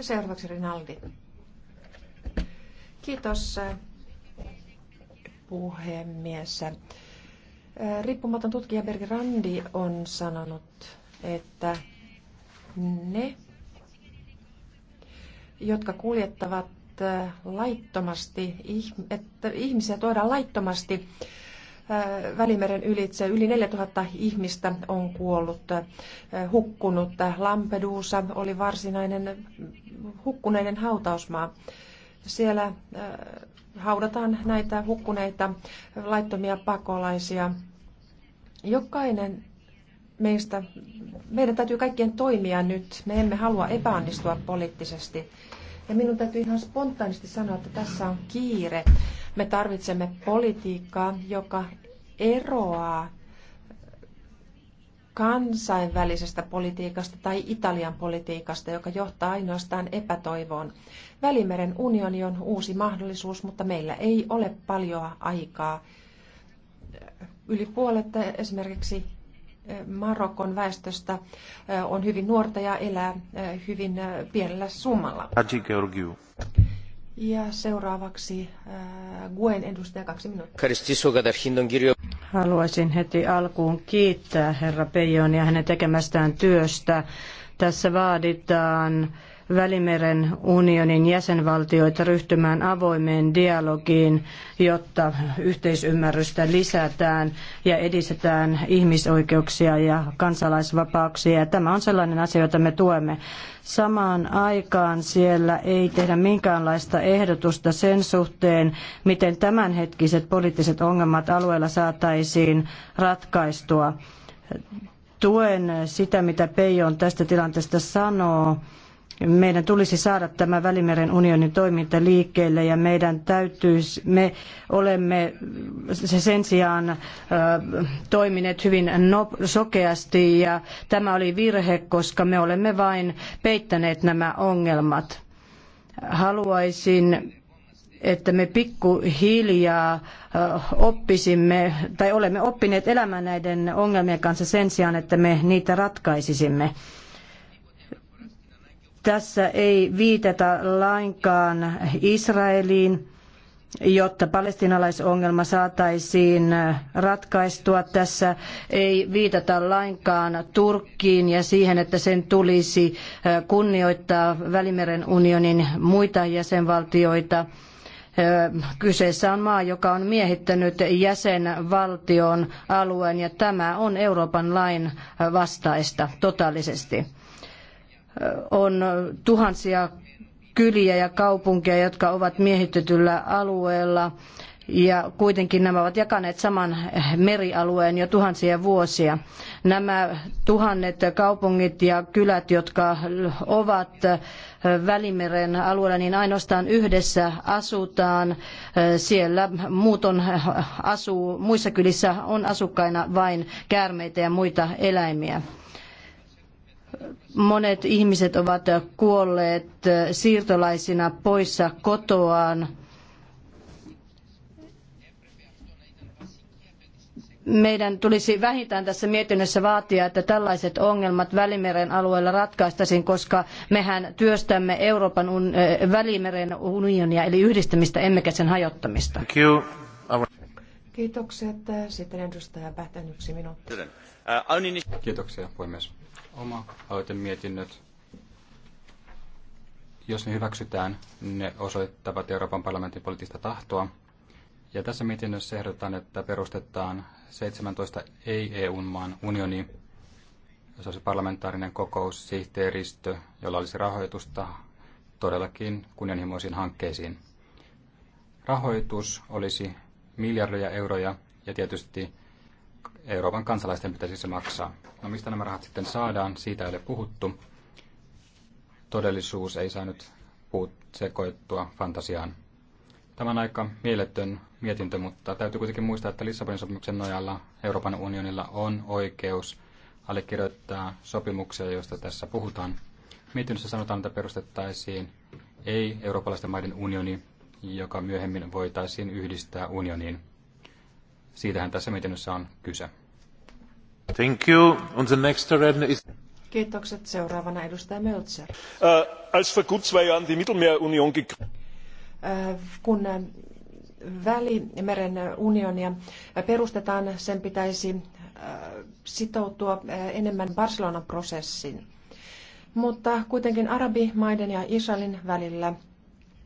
Seuraavaksi Rinaldi. Kiitos puhemies. Riippumaton tutkija Bergrandi on sanonut, että ne jotka kuljettavat äh, laittomasti, että ihmisiä tuodaan laittomasti äh, Välimeren ylitse. Yli 4000 ihmistä on kuollut, äh, hukkunut. Lampedusa oli varsinainen hukkuneiden hautausmaa. Siellä haudataan näitä hukkuneita laittomia pakolaisia. Jokainen meistä, meidän täytyy kaikkien toimia nyt. Me emme halua epäonnistua poliittisesti. Ja minun täytyy ihan spontaanisti sanoa, että tässä on kiire. Me tarvitsemme politiikkaa, joka eroaa kansainvälisestä politiikasta tai Italian politiikasta, joka johtaa ainoastaan epätoivoon. Välimeren unioni on uusi mahdollisuus, mutta meillä ei ole paljoa aikaa. Yli puolet esimerkiksi Marokon väestöstä on hyvin nuorta ja elää hyvin pienellä summalla. Ja seuraavaksi Guen edustaja kaksi minuuttia. Haluaisin heti alkuun kiittää herra ja hänen tekemästään työstä. Tässä vaaditaan Välimeren unionin jäsenvaltioita ryhtymään avoimeen dialogiin, jotta yhteisymmärrystä lisätään ja edistetään ihmisoikeuksia ja kansalaisvapauksia. Tämä on sellainen asia, jota me tuemme. Samaan aikaan siellä ei tehdä minkäänlaista ehdotusta sen suhteen, miten tämänhetkiset poliittiset ongelmat alueella saataisiin ratkaistua tuen sitä, mitä Peijon tästä tilanteesta sanoo. Meidän tulisi saada tämä Välimeren unionin toiminta liikkeelle ja meidän täytyisi, me olemme sen sijaan toimineet hyvin sokeasti ja tämä oli virhe, koska me olemme vain peittäneet nämä ongelmat. Haluaisin että me pikkuhiljaa oppisimme tai olemme oppineet elämään näiden ongelmien kanssa sen sijaan, että me niitä ratkaisisimme. Tässä ei viitata lainkaan Israeliin, jotta palestinalaisongelma saataisiin ratkaistua. Tässä ei viitata lainkaan Turkkiin ja siihen, että sen tulisi kunnioittaa Välimeren unionin muita jäsenvaltioita. Kyseessä on maa, joka on miehittänyt jäsenvaltion alueen ja tämä on Euroopan lain vastaista totaalisesti on tuhansia kyliä ja kaupunkeja, jotka ovat miehitetyllä alueella. Ja kuitenkin nämä ovat jakaneet saman merialueen jo tuhansia vuosia. Nämä tuhannet kaupungit ja kylät, jotka ovat Välimeren alueella, niin ainoastaan yhdessä asutaan. Siellä muut on, asuu, muissa kylissä on asukkaina vain käärmeitä ja muita eläimiä. Monet ihmiset ovat kuolleet siirtolaisina poissa kotoaan. meidän tulisi vähintään tässä mietinnössä vaatia, että tällaiset ongelmat Välimeren alueella ratkaistaisiin, koska mehän työstämme Euroopan un, eh, Välimeren unionia, eli yhdistämistä, emmekä sen hajottamista. Kiitokset. Sitten edustaja Pähtän yksi minuutti. Kiitoksia, puhemies oma aloitemietinnöt, jos ne hyväksytään, ne osoittavat Euroopan parlamentin poliittista tahtoa. Ja tässä mietinnössä ehdotetaan, että perustetaan 17 ei-EU-maan unioni, jossa olisi parlamentaarinen kokous, sihteeristö, jolla olisi rahoitusta todellakin kunnianhimoisiin hankkeisiin. Rahoitus olisi miljardeja euroja ja tietysti Euroopan kansalaisten pitäisi se maksaa. No mistä nämä rahat sitten saadaan, siitä ei ole puhuttu. Todellisuus ei saanut puut sekoittua fantasiaan. Tämä on aika mielettön mietintö, mutta täytyy kuitenkin muistaa, että Lissabonin sopimuksen nojalla Euroopan unionilla on oikeus allekirjoittaa sopimuksia, joista tässä puhutaan. Mietinnössä sanotaan, että perustettaisiin ei eurooppalaisten maiden unioni, joka myöhemmin voitaisiin yhdistää unioniin. Siitähän tässä mietinnössä on kyse. Thank you. And the next is... Kiitokset. Seuraavana edustaja Möltser. Uh, als vor gut zwei Jahren die Mittelmeerunion äh, kun äh, Välimeren unionia perustetaan, sen pitäisi sitoutua enemmän Barcelonan prosessiin. Mutta kuitenkin arabimaiden ja Israelin välillä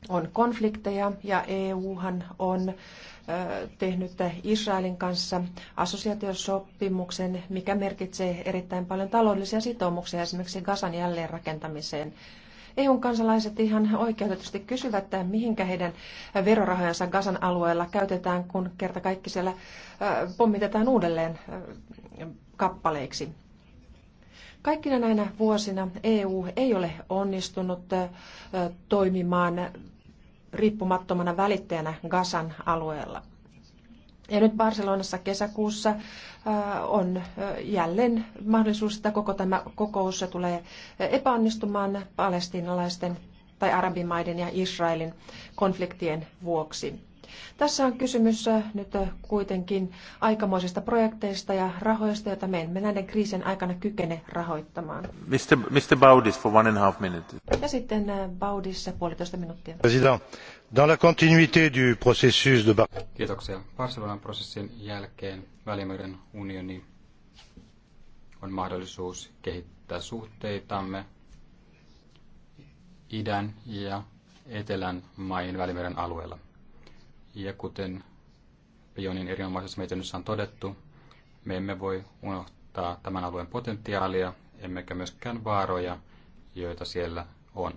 on konflikteja ja EUhan on tehnyt Israelin kanssa assosiaatiosopimuksen, mikä merkitsee erittäin paljon taloudellisia sitoumuksia esimerkiksi Gazan jälleenrakentamiseen. EUn kansalaiset ihan oikeutetusti kysyvät, että mihinkä heidän verorahojansa Gazan alueella käytetään, kun kerta kaikki siellä pommitetaan uudelleen kappaleiksi. Kaikkina näinä vuosina EU ei ole onnistunut toimimaan riippumattomana välittäjänä Gasan alueella. Ja nyt Barcelonassa kesäkuussa äh, on äh, jälleen mahdollisuus, että koko tämä kokous tulee äh, epäonnistumaan palestinalaisten tai arabimaiden ja Israelin konfliktien vuoksi. Tässä on kysymys äh, nyt äh, kuitenkin aikamoisista projekteista ja rahoista, joita me emme näiden kriisin aikana kykene rahoittamaan. Mr. Mr. Baudis for one and a half minute. Ja sitten äh, Baudis puolitoista minuuttia. President, dans la continuité du processus de Bar- Kiitoksia. Barcelonan prosessin jälkeen Välimeren unioni on mahdollisuus kehittää suhteitamme idän ja etelän maihin Välimeren alueella. Ja kuten Pionin erinomaisessa mietinnössä on todettu, me emme voi unohtaa tämän alueen potentiaalia, emmekä myöskään vaaroja, joita siellä on.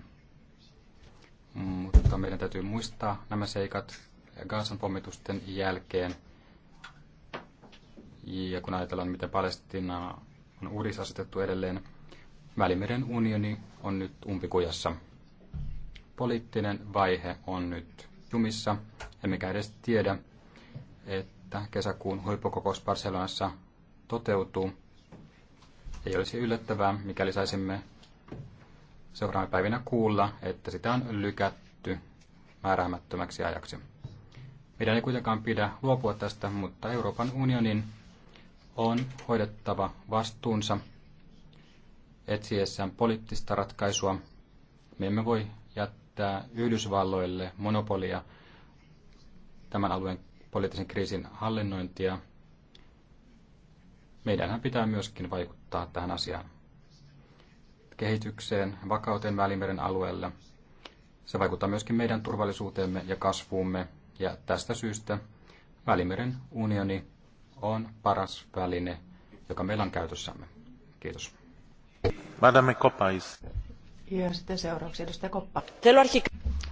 Mutta meidän täytyy muistaa nämä seikat Gaasan pommitusten jälkeen. Ja kun ajatellaan, miten Palestina on uudisasetettu edelleen, Välimeren unioni on nyt umpikujassa. Poliittinen vaihe on nyt jumissa, emmekä edes tiedä, että kesäkuun huippukokous Barcelonassa toteutuu. Ei olisi yllättävää, mikäli saisimme seuraavina päivinä kuulla, että sitä on lykätty määräämättömäksi ajaksi. Meidän ei kuitenkaan pidä luopua tästä, mutta Euroopan unionin on hoidettava vastuunsa etsiessään poliittista ratkaisua. Me emme voi jättää jättää Yhdysvalloille monopolia tämän alueen poliittisen kriisin hallinnointia. Meidänhän pitää myöskin vaikuttaa tähän asiaan. Kehitykseen, vakauteen Välimeren alueella. Se vaikuttaa myöskin meidän turvallisuuteemme ja kasvuumme, ja tästä syystä Välimeren unioni on paras väline, joka meillä on käytössämme. Kiitos. Madame Copais. Ja sitten seuraavaksi edustaja Koppa.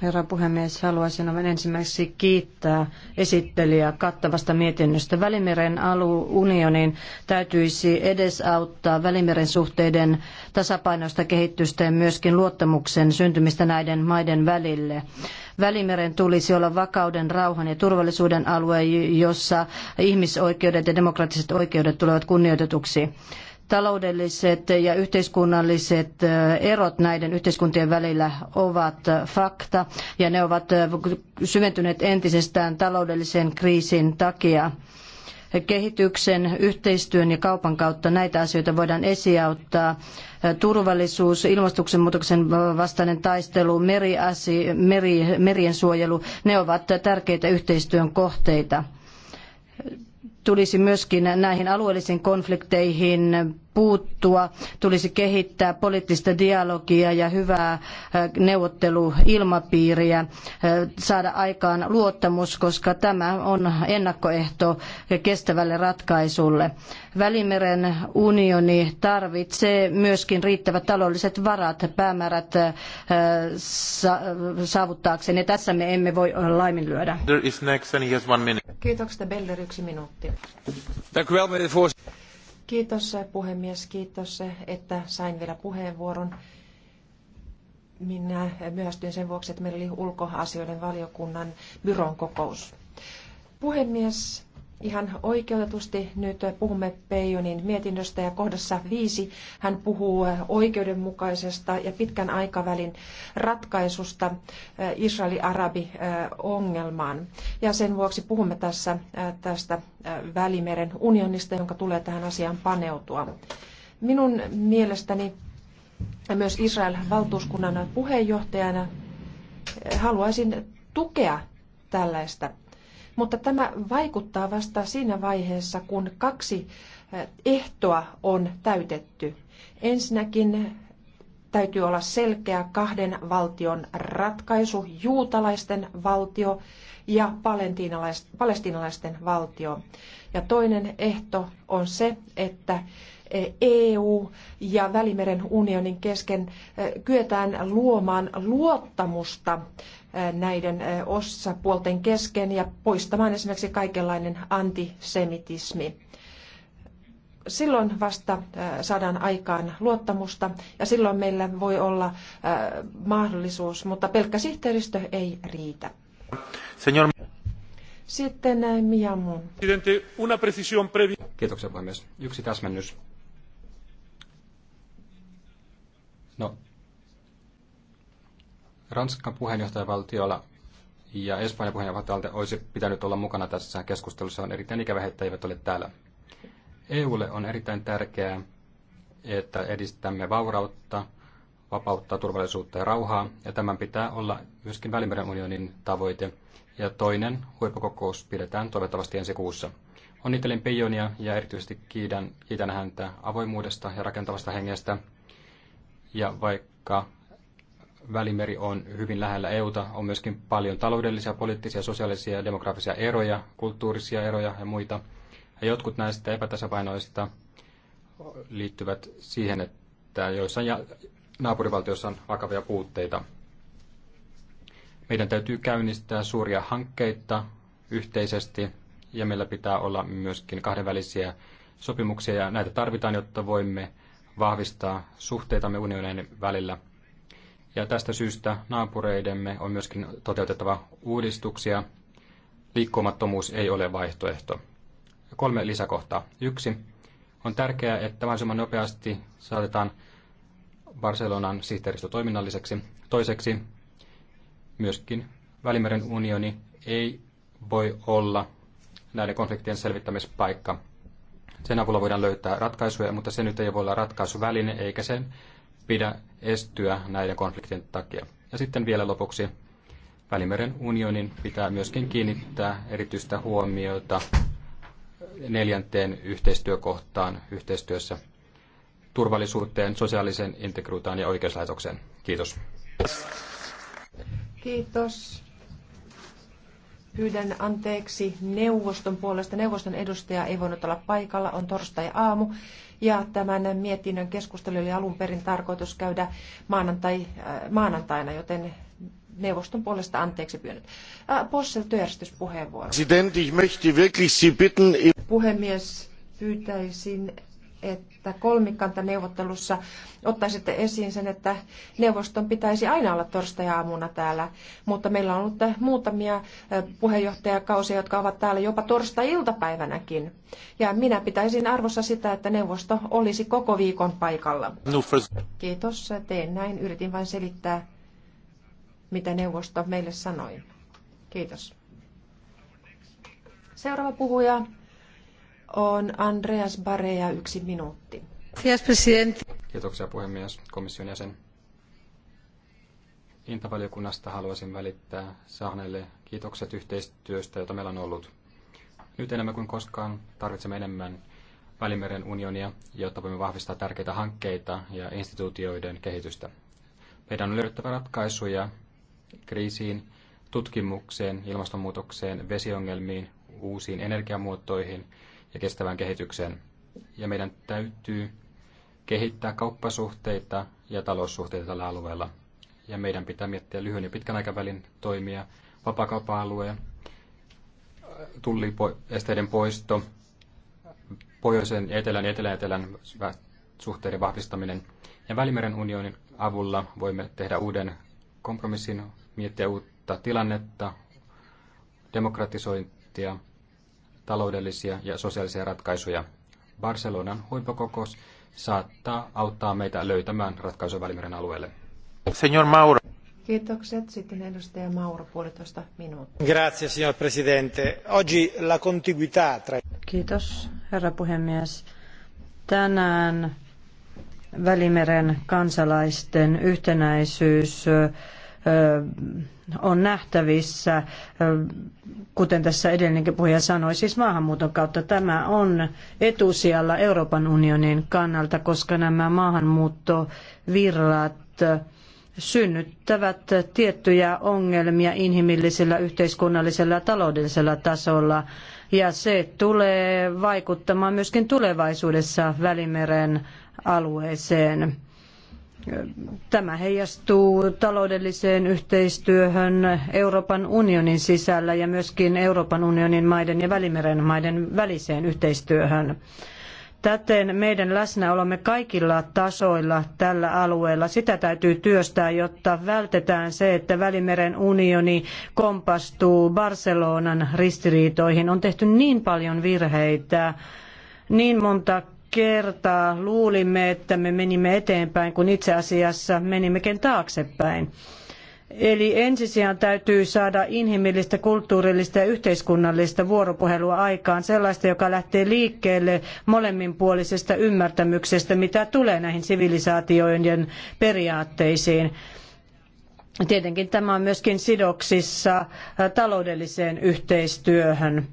Herra puhemies, haluaisin aivan ensimmäiseksi kiittää esittelijää kattavasta mietinnöstä. Välimeren aluunionin täytyisi edesauttaa Välimeren suhteiden tasapainoista kehitystä ja myöskin luottamuksen syntymistä näiden maiden välille. Välimeren tulisi olla vakauden, rauhan ja turvallisuuden alue, jossa ihmisoikeudet ja demokraattiset oikeudet tulevat kunnioitetuksi. Taloudelliset ja yhteiskunnalliset erot näiden yhteiskuntien välillä ovat fakta ja ne ovat syventyneet entisestään taloudellisen kriisin takia kehityksen, yhteistyön ja kaupan kautta näitä asioita voidaan esiauttaa. Turvallisuus, ilmastonmuutoksen vastainen taistelu, meriasi, meri, merien suojelu, ne ovat tärkeitä yhteistyön kohteita tulisi myöskin näihin alueellisiin konflikteihin puuttua, tulisi kehittää poliittista dialogia ja hyvää äh, neuvotteluilmapiiriä, äh, saada aikaan luottamus, koska tämä on ennakkoehto kestävälle ratkaisulle. Välimeren unioni tarvitsee myöskin riittävät taloudelliset varat, päämäärät äh, saavuttaakseen, ja tässä me emme voi laiminlyödä. Kiitoksia, Belder, yksi minuutti. Dank u wel, meneer de voorzitter. Kiitos puhemies, kiitos, että sain vielä puheenvuoron. Minä myöhästyin sen vuoksi, että meillä oli ulkoasioiden valiokunnan byron kokous. Puhemies, Ihan oikeutetusti nyt puhumme Peijonin mietinnöstä ja kohdassa viisi hän puhuu oikeudenmukaisesta ja pitkän aikavälin ratkaisusta eh, Israeli-Arabi-ongelmaan. Eh, ja sen vuoksi puhumme tässä eh, tästä Välimeren unionista, jonka tulee tähän asiaan paneutua. Minun mielestäni myös Israel-valtuuskunnan puheenjohtajana haluaisin tukea tällaista mutta tämä vaikuttaa vasta siinä vaiheessa, kun kaksi ehtoa on täytetty. Ensinnäkin täytyy olla selkeä kahden valtion ratkaisu, juutalaisten valtio ja palestiinalaisten valtio. Ja toinen ehto on se, että EU ja Välimeren unionin kesken kyetään luomaan luottamusta näiden osapuolten kesken ja poistamaan esimerkiksi kaikenlainen antisemitismi. Silloin vasta saadaan aikaan luottamusta ja silloin meillä voi olla mahdollisuus, mutta pelkkä sihteeristö ei riitä. Senior... Sitten Miamun. Kiitoksia puhemies. Yksi täsmennys. No, Ranskan puheenjohtajavaltiolla ja Espanjan puheenjohtajavaltiolla olisi pitänyt olla mukana tässä keskustelussa. On erittäin ikävä, että eivät ole täällä. EUlle on erittäin tärkeää, että edistämme vaurautta, vapautta, turvallisuutta ja rauhaa, ja tämän pitää olla myöskin Välimeren unionin tavoite. Ja toinen huippukokous pidetään toivottavasti ensi kuussa. Onnittelen Pejonia ja erityisesti kiitän, kiitän häntä avoimuudesta ja rakentavasta hengestä. Ja vaikka Välimeri on hyvin lähellä EUta, on myöskin paljon taloudellisia, poliittisia, sosiaalisia ja demografisia eroja, kulttuurisia eroja ja muita. Ja jotkut näistä epätasapainoista liittyvät siihen, että joissain naapurivaltioissa on vakavia puutteita. Meidän täytyy käynnistää suuria hankkeita yhteisesti ja meillä pitää olla myöskin kahdenvälisiä sopimuksia ja näitä tarvitaan, jotta voimme vahvistaa suhteitamme unionin välillä – ja tästä syystä naapureidemme on myöskin toteutettava uudistuksia. Liikkumattomuus ei ole vaihtoehto. Kolme lisäkohtaa. Yksi. On tärkeää, että mahdollisimman nopeasti saatetaan Barcelonan sihteeristö toiminnalliseksi. Toiseksi myöskin Välimeren unioni ei voi olla näiden konfliktien selvittämispaikka. Sen avulla voidaan löytää ratkaisuja, mutta se nyt ei voi olla ratkaisuväline, eikä sen pidä estyä näiden konfliktien takia. Ja sitten vielä lopuksi Välimeren unionin pitää myöskin kiinnittää erityistä huomiota neljänteen yhteistyökohtaan yhteistyössä turvallisuuteen, sosiaaliseen integruutaan ja oikeuslaitokseen. Kiitos. Kiitos. Pyydän anteeksi neuvoston puolesta. Neuvoston edustaja ei voinut olla paikalla, on torstai-aamu. Ja tämän mietinnön keskustelu oli alun perin tarkoitus käydä maanantai, äh, maanantaina, joten neuvoston puolesta anteeksi pyynnöt. Äh, Possel Puhemies, pyytäisin että kolmikantaneuvottelussa ottaisitte esiin sen, että neuvoston pitäisi aina olla torstai-aamuna täällä, mutta meillä on ollut muutamia puheenjohtajakausia, jotka ovat täällä jopa torstai-iltapäivänäkin. Ja minä pitäisin arvossa sitä, että neuvosto olisi koko viikon paikalla. No, Kiitos, teen näin. Yritin vain selittää, mitä neuvosto meille sanoi. Kiitos. Seuraava puhuja on Andreas Barea yksi minuutti. Kiitoksia puhemies, komission jäsen. Intavaliokunnasta haluaisin välittää Sahnelle kiitokset yhteistyöstä, jota meillä on ollut. Nyt enemmän kuin koskaan tarvitsemme enemmän Välimeren unionia, jotta voimme vahvistaa tärkeitä hankkeita ja instituutioiden kehitystä. Meidän on löydettävä ratkaisuja kriisiin, tutkimukseen, ilmastonmuutokseen, vesiongelmiin, uusiin energiamuotoihin – ja kestävään kehitykseen. Ja meidän täytyy kehittää kauppasuhteita ja taloussuhteita tällä alueella. Ja meidän pitää miettiä lyhyen ja pitkän aikavälin toimia, vapakauppa-alueen, tulliesteiden poisto, pohjoisen ja etelän ja etelän, etelän suhteiden vahvistaminen. Ja Välimeren unionin avulla voimme tehdä uuden kompromissin, miettiä uutta tilannetta, demokratisointia taloudellisia ja sosiaalisia ratkaisuja. Barcelonan huippukokous saattaa auttaa meitä löytämään ratkaisuja Välimeren alueelle. Senor Mauro. Kiitokset. Sitten edustaja Mauro, puolitoista minuuttia. Grazie, signor Presidente. Oggi la contiguità tra... Kiitos, herra puhemies. Tänään Välimeren kansalaisten yhtenäisyys on nähtävissä, kuten tässä edellinenkin puhuja sanoi, siis maahanmuuton kautta. Tämä on etusijalla Euroopan unionin kannalta, koska nämä maahanmuuttovirrat synnyttävät tiettyjä ongelmia inhimillisellä, yhteiskunnallisella ja taloudellisella tasolla. Ja se tulee vaikuttamaan myöskin tulevaisuudessa Välimeren alueeseen. Tämä heijastuu taloudelliseen yhteistyöhön Euroopan unionin sisällä ja myöskin Euroopan unionin maiden ja Välimeren maiden väliseen yhteistyöhön. Täten meidän läsnäolomme kaikilla tasoilla tällä alueella, sitä täytyy työstää, jotta vältetään se, että Välimeren unioni kompastuu Barcelonan ristiriitoihin. On tehty niin paljon virheitä, niin monta kertaa luulimme, että me menimme eteenpäin, kun itse asiassa menimmekin taaksepäin. Eli ensisijaan täytyy saada inhimillistä, kulttuurillista ja yhteiskunnallista vuoropuhelua aikaan, sellaista, joka lähtee liikkeelle molemminpuolisesta ymmärtämyksestä, mitä tulee näihin sivilisaatioiden periaatteisiin. Tietenkin tämä on myöskin sidoksissa taloudelliseen yhteistyöhön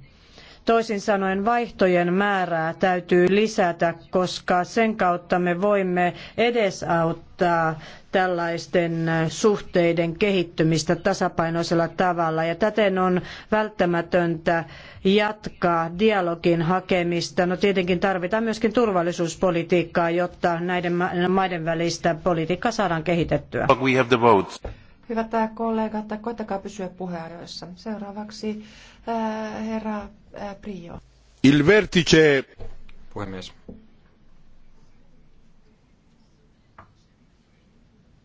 Toisin sanoen vaihtojen määrää täytyy lisätä, koska sen kautta me voimme edesauttaa tällaisten suhteiden kehittymistä tasapainoisella tavalla. Ja täten on välttämätöntä jatkaa dialogin hakemista. No tietenkin tarvitaan myöskin turvallisuuspolitiikkaa, jotta näiden maiden välistä politiikkaa saadaan kehitettyä. Hyvät kollegat, koittakaa pysyä puheajoissa. Seuraavaksi äh, herra Eh, prio. Il vertice... Puhemies.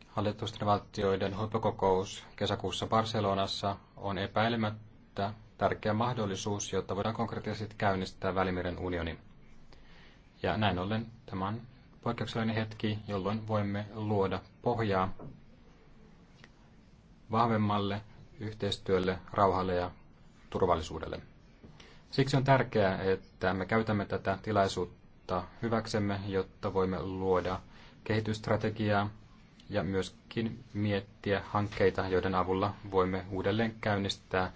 Hallitusten valtioiden huippukokous kesäkuussa Barcelonassa on epäilemättä tärkeä mahdollisuus, jotta voidaan konkreettisesti käynnistää Välimeren unioni. Ja näin ollen tämä on poikkeuksellinen hetki, jolloin voimme luoda pohjaa vahvemmalle yhteistyölle, rauhalle ja turvallisuudelle. Siksi on tärkeää, että me käytämme tätä tilaisuutta hyväksemme, jotta voimme luoda kehitysstrategiaa ja myöskin miettiä hankkeita, joiden avulla voimme uudelleen käynnistää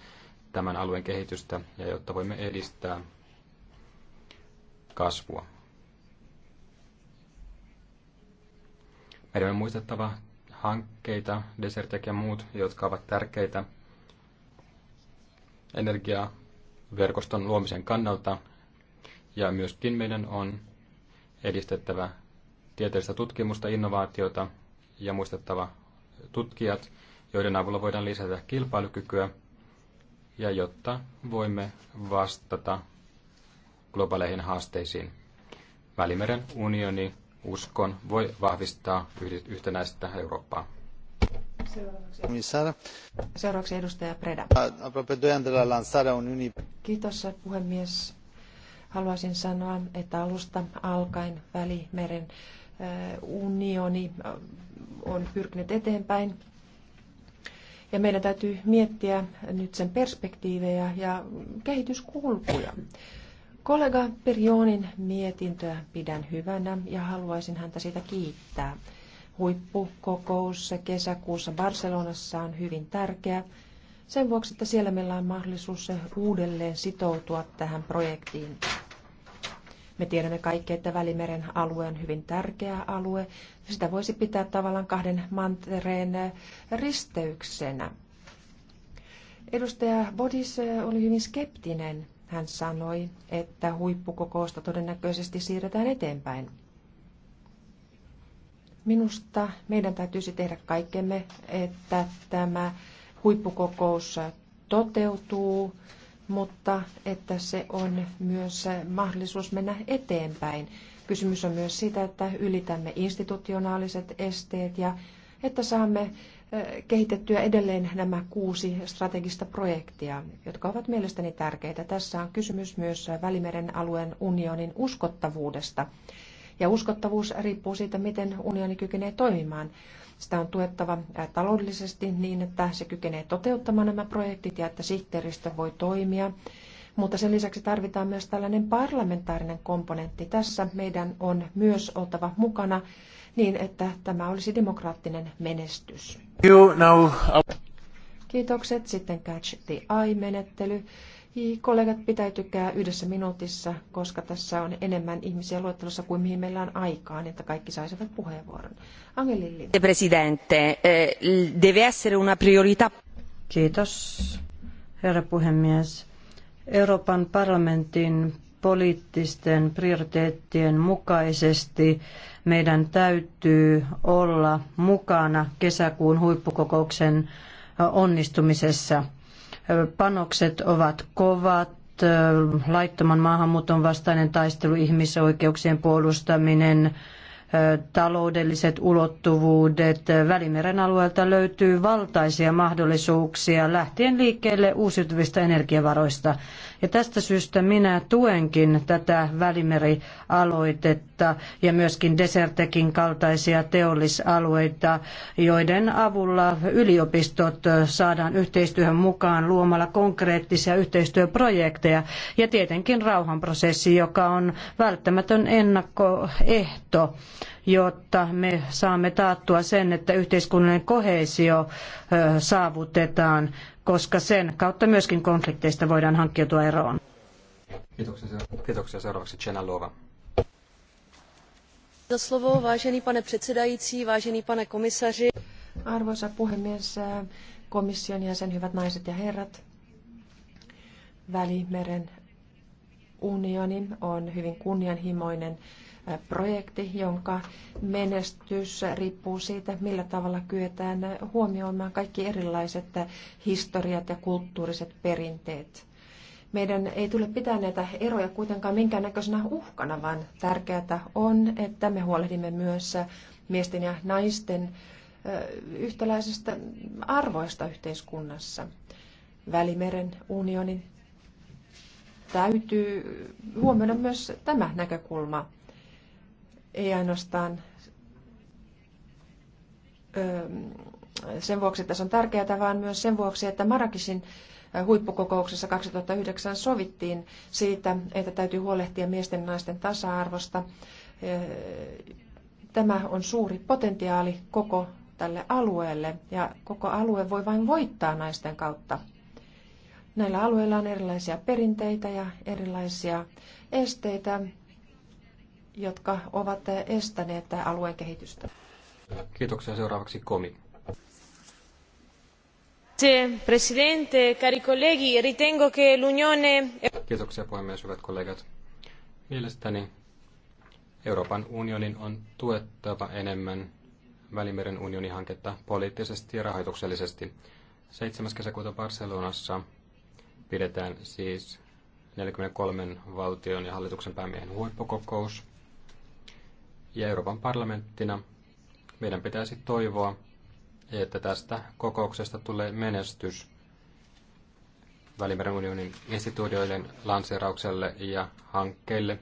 tämän alueen kehitystä ja jotta voimme edistää kasvua. Meidän on muistettava hankkeita, desertek ja muut, jotka ovat tärkeitä energiaa verkoston luomisen kannalta ja myöskin meidän on edistettävä tieteellistä tutkimusta, innovaatiota ja muistettava tutkijat, joiden avulla voidaan lisätä kilpailukykyä ja jotta voimme vastata globaaleihin haasteisiin. Välimeren unioni, uskon, voi vahvistaa yhtenäistä Eurooppaa arvoisa Kiitos puhemies. Haluaisin sanoa, että alusta alkaen Välimeren unioni on pyrkinyt eteenpäin. Ja meidän täytyy miettiä nyt sen perspektiivejä ja kehityskulkuja. Kollega Perionin mietintöä pidän hyvänä ja haluaisin häntä siitä kiittää huippukokous kesäkuussa Barcelonassa on hyvin tärkeä sen vuoksi, että siellä meillä on mahdollisuus uudelleen sitoutua tähän projektiin. Me tiedämme kaikki, että Välimeren alue on hyvin tärkeä alue. Sitä voisi pitää tavallaan kahden mantereen risteyksenä. Edustaja Bodis oli hyvin skeptinen. Hän sanoi, että huippukokousta todennäköisesti siirretään eteenpäin. Minusta meidän täytyisi tehdä kaikkemme, että tämä huippukokous toteutuu, mutta että se on myös mahdollisuus mennä eteenpäin. Kysymys on myös siitä, että ylitämme institutionaaliset esteet ja että saamme eh, kehitettyä edelleen nämä kuusi strategista projektia, jotka ovat mielestäni tärkeitä. Tässä on kysymys myös Välimeren alueen unionin uskottavuudesta ja uskottavuus riippuu siitä, miten unioni kykenee toimimaan. Sitä on tuettava taloudellisesti niin, että se kykenee toteuttamaan nämä projektit ja että sihteeristö voi toimia. Mutta sen lisäksi tarvitaan myös tällainen parlamentaarinen komponentti. Tässä meidän on myös oltava mukana niin, että tämä olisi demokraattinen menestys. Kiitokset. Sitten catch the eye-menettely. Kollegat, pitäytykää yhdessä minuutissa, koska tässä on enemmän ihmisiä luettelossa kuin mihin meillä on aikaa, niin että kaikki saisivat puheenvuoron. Angelilli. Presidente, eh, deve essere una priorità. Kiitos, herra puhemies. Euroopan parlamentin poliittisten prioriteettien mukaisesti meidän täytyy olla mukana kesäkuun huippukokouksen onnistumisessa – Panokset ovat kovat laittoman maahanmuuton vastainen taistelu, ihmisoikeuksien puolustaminen, taloudelliset ulottuvuudet. Välimeren alueelta löytyy valtaisia mahdollisuuksia lähtien liikkeelle uusiutuvista energiavaroista. Ja tästä syystä minä tuenkin tätä välimerialoitetta ja myöskin Desertekin kaltaisia teollisalueita, joiden avulla yliopistot saadaan yhteistyöhön mukaan luomalla konkreettisia yhteistyöprojekteja ja tietenkin rauhanprosessi, joka on välttämätön ennakkoehto jotta me saamme taattua sen, että yhteiskunnallinen koheesio saavutetaan, koska sen kautta myöskin konflikteista voidaan hankkiutua eroon. Kiitoksia. Kiitoksia. Seuraavaksi Chena Luova. Za slovo, vážený pane předsedající, vážený pane komisaři. Arvoisa puhemies, komission jäsen, hyvät naiset ja herrat. Välimeren unioni on hyvin kunnianhimoinen projekti, jonka menestys riippuu siitä, millä tavalla kyetään huomioimaan kaikki erilaiset historiat ja kulttuuriset perinteet. Meidän ei tule pitää näitä eroja kuitenkaan minkäännäköisenä uhkana, vaan tärkeää on, että me huolehdimme myös miesten ja naisten yhtäläisistä arvoista yhteiskunnassa. Välimeren unionin täytyy huomioida myös tämä näkökulma ei ainoastaan sen vuoksi, että se on tärkeää, vaan myös sen vuoksi, että marakisin huippukokouksessa 2009 sovittiin siitä, että täytyy huolehtia miesten ja naisten tasa-arvosta. Tämä on suuri potentiaali koko tälle alueelle ja koko alue voi vain voittaa naisten kautta. Näillä alueilla on erilaisia perinteitä ja erilaisia esteitä jotka ovat estäneet alueen kehitystä. Kiitoksia. Seuraavaksi Komi. Presidente, cari colleghi, ritengo che l'Unione... Kiitoksia puhemies, hyvät kollegat. Mielestäni Euroopan unionin on tuettava enemmän Välimeren unionin hanketta poliittisesti ja rahoituksellisesti. 7. kesäkuuta Barcelonassa pidetään siis 43 valtion ja hallituksen päämiehen huippukokous. Ja Euroopan parlamenttina meidän pitäisi toivoa, että tästä kokouksesta tulee menestys Välimeren unionin instituutioiden lanseeraukselle ja hankkeille.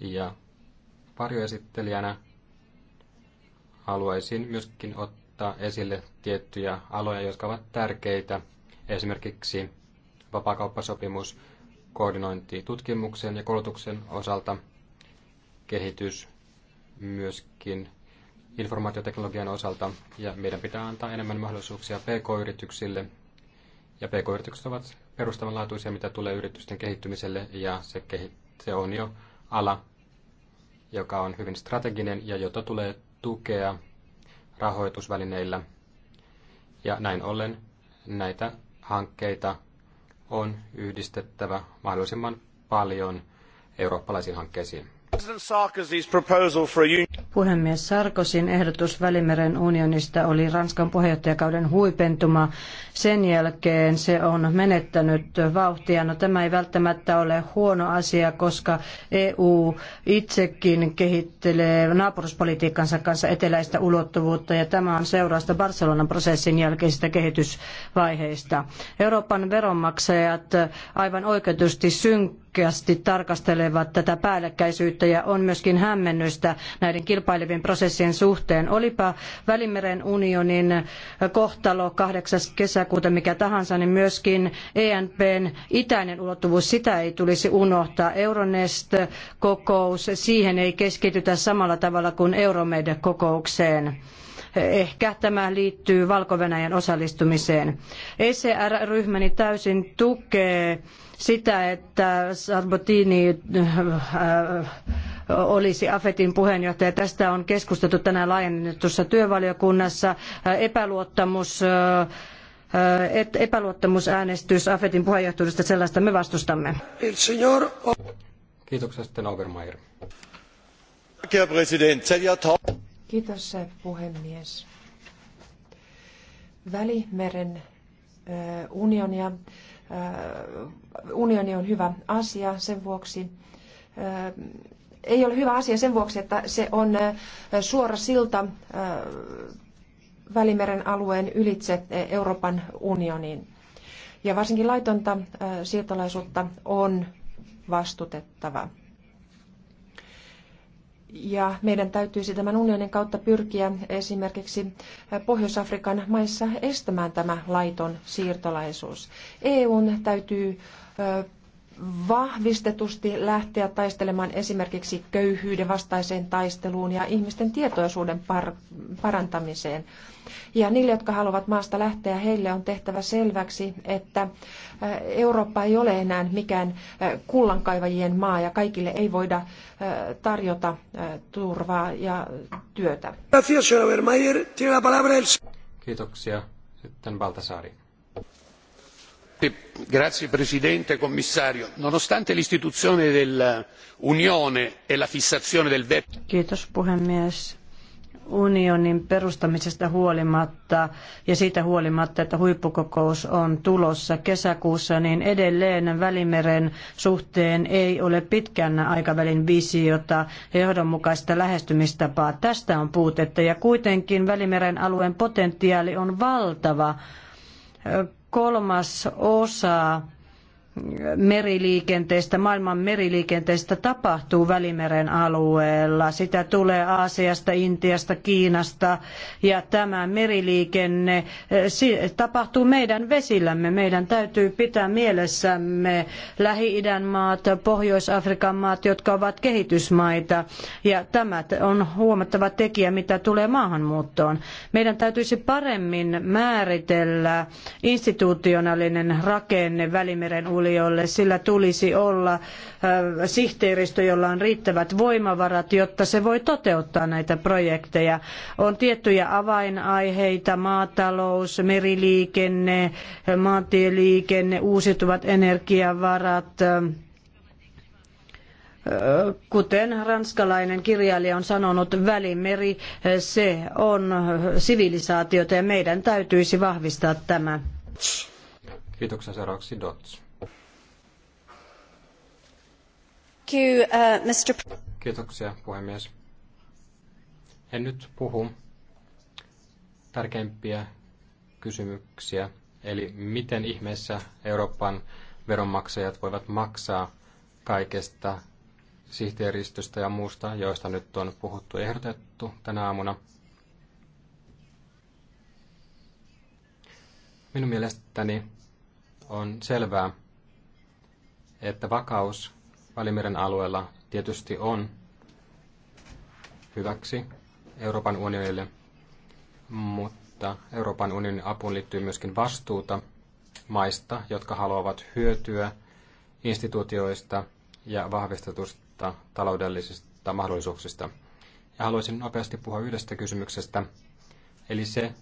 Ja varjoesittelijänä haluaisin myöskin ottaa esille tiettyjä aloja, jotka ovat tärkeitä, esimerkiksi vapaakauppasopimus, koordinointi tutkimuksen ja koulutuksen osalta – kehitys myöskin informaatioteknologian osalta, ja meidän pitää antaa enemmän mahdollisuuksia pk-yrityksille, ja pk-yritykset ovat perustavanlaatuisia, mitä tulee yritysten kehittymiselle, ja se, kehi- se on jo ala, joka on hyvin strateginen ja jota tulee tukea rahoitusvälineillä. Ja näin ollen näitä hankkeita on yhdistettävä mahdollisimman paljon eurooppalaisiin hankkeisiin. Puhemies Sarkosin ehdotus Välimeren unionista oli Ranskan puheenjohtajakauden huipentuma. Sen jälkeen se on menettänyt vauhtia. No, tämä ei välttämättä ole huono asia, koska EU itsekin kehittelee naapuruspolitiikkansa kanssa eteläistä ulottuvuutta ja tämä on seurausta Barcelonan prosessin jälkeisistä kehitysvaiheista. Euroopan veronmaksajat aivan oikeutusti syn- tarkasti tarkastelevat tätä päällekkäisyyttä ja on myöskin hämmennystä näiden kilpailevien prosessien suhteen. Olipa Välimeren unionin kohtalo 8. kesäkuuta mikä tahansa, niin myöskin ENPn itäinen ulottuvuus, sitä ei tulisi unohtaa. Euronest-kokous, siihen ei keskitytä samalla tavalla kuin Euromed-kokoukseen. Ehkä tämä liittyy Valko-Venäjän osallistumiseen. ECR-ryhmäni täysin tukee sitä, että Sarbotini äh, olisi AFETin puheenjohtaja. Tästä on keskusteltu tänään laajennetussa työvaliokunnassa. Äh, epäluottamus äh, et, epäluottamusäänestys AFETin puheenjohtajuudesta, sellaista me vastustamme. Kiitoksia sitten Kiitos puhemies. Välimeren unionia unioni on hyvä asia sen vuoksi, ei ole hyvä asia sen vuoksi, että se on suora silta Välimeren alueen ylitse Euroopan unioniin. Ja varsinkin laitonta siirtolaisuutta on vastutettava. Ja meidän täytyisi tämän unionin kautta pyrkiä esimerkiksi Pohjois-Afrikan maissa estämään tämä laiton siirtolaisuus. EUn täytyy vahvistetusti lähteä taistelemaan esimerkiksi köyhyyden vastaiseen taisteluun ja ihmisten tietoisuuden par- parantamiseen. Ja niille, jotka haluavat maasta lähteä, heille on tehtävä selväksi, että Eurooppa ei ole enää mikään kullankaivajien maa ja kaikille ei voida tarjota turvaa ja työtä. Kiitoksia. Sitten Baltasaari signor presidente commissario nonostante l'istituzione dell'unione e la fissazione del. kiitos puhemies unionin perustamisesta huolimatta ja siitä huolimatta, että huippukokous on tulossa kesäkuussa, niin edelleen Välimeren suhteen ei ole pitkän aikavälin visiota ja johdonmukaista lähestymistapaa. Tästä on puutetta ja kuitenkin Välimeren alueen potentiaali on valtava kolmas osa meriliikenteestä, maailman meriliikenteestä tapahtuu Välimeren alueella. Sitä tulee Aasiasta, Intiasta, Kiinasta ja tämä meriliikenne eh, tapahtuu meidän vesillämme. Meidän täytyy pitää mielessämme Lähi-idän maat, Pohjois-Afrikan maat, jotka ovat kehitysmaita ja tämä on huomattava tekijä, mitä tulee maahanmuuttoon. Meidän täytyisi paremmin määritellä institutionaalinen rakenne Välimeren ulkopuolella tulijoille. Sillä tulisi olla sihteeristö, jolla on riittävät voimavarat, jotta se voi toteuttaa näitä projekteja. On tiettyjä avainaiheita, maatalous, meriliikenne, maantieliikenne, uusiutuvat energiavarat, Kuten ranskalainen kirjailija on sanonut, välimeri, se on sivilisaatiota ja meidän täytyisi vahvistaa tämä. Kiitoksia seuraavaksi Dots. Uh, Kiitoksia, puhemies. En nyt puhu tärkeimpiä kysymyksiä, eli miten ihmeessä Euroopan veronmaksajat voivat maksaa kaikesta sihteeristöstä ja muusta, joista nyt on puhuttu ja ehdotettu tänä aamuna. Minun mielestäni on selvää, että vakaus Välimeren alueella tietysti on hyväksi Euroopan unionille, mutta Euroopan unionin apuun liittyy myöskin vastuuta maista, jotka haluavat hyötyä instituutioista ja vahvistetusta taloudellisista mahdollisuuksista. Ja haluaisin nopeasti puhua yhdestä kysymyksestä, eli se,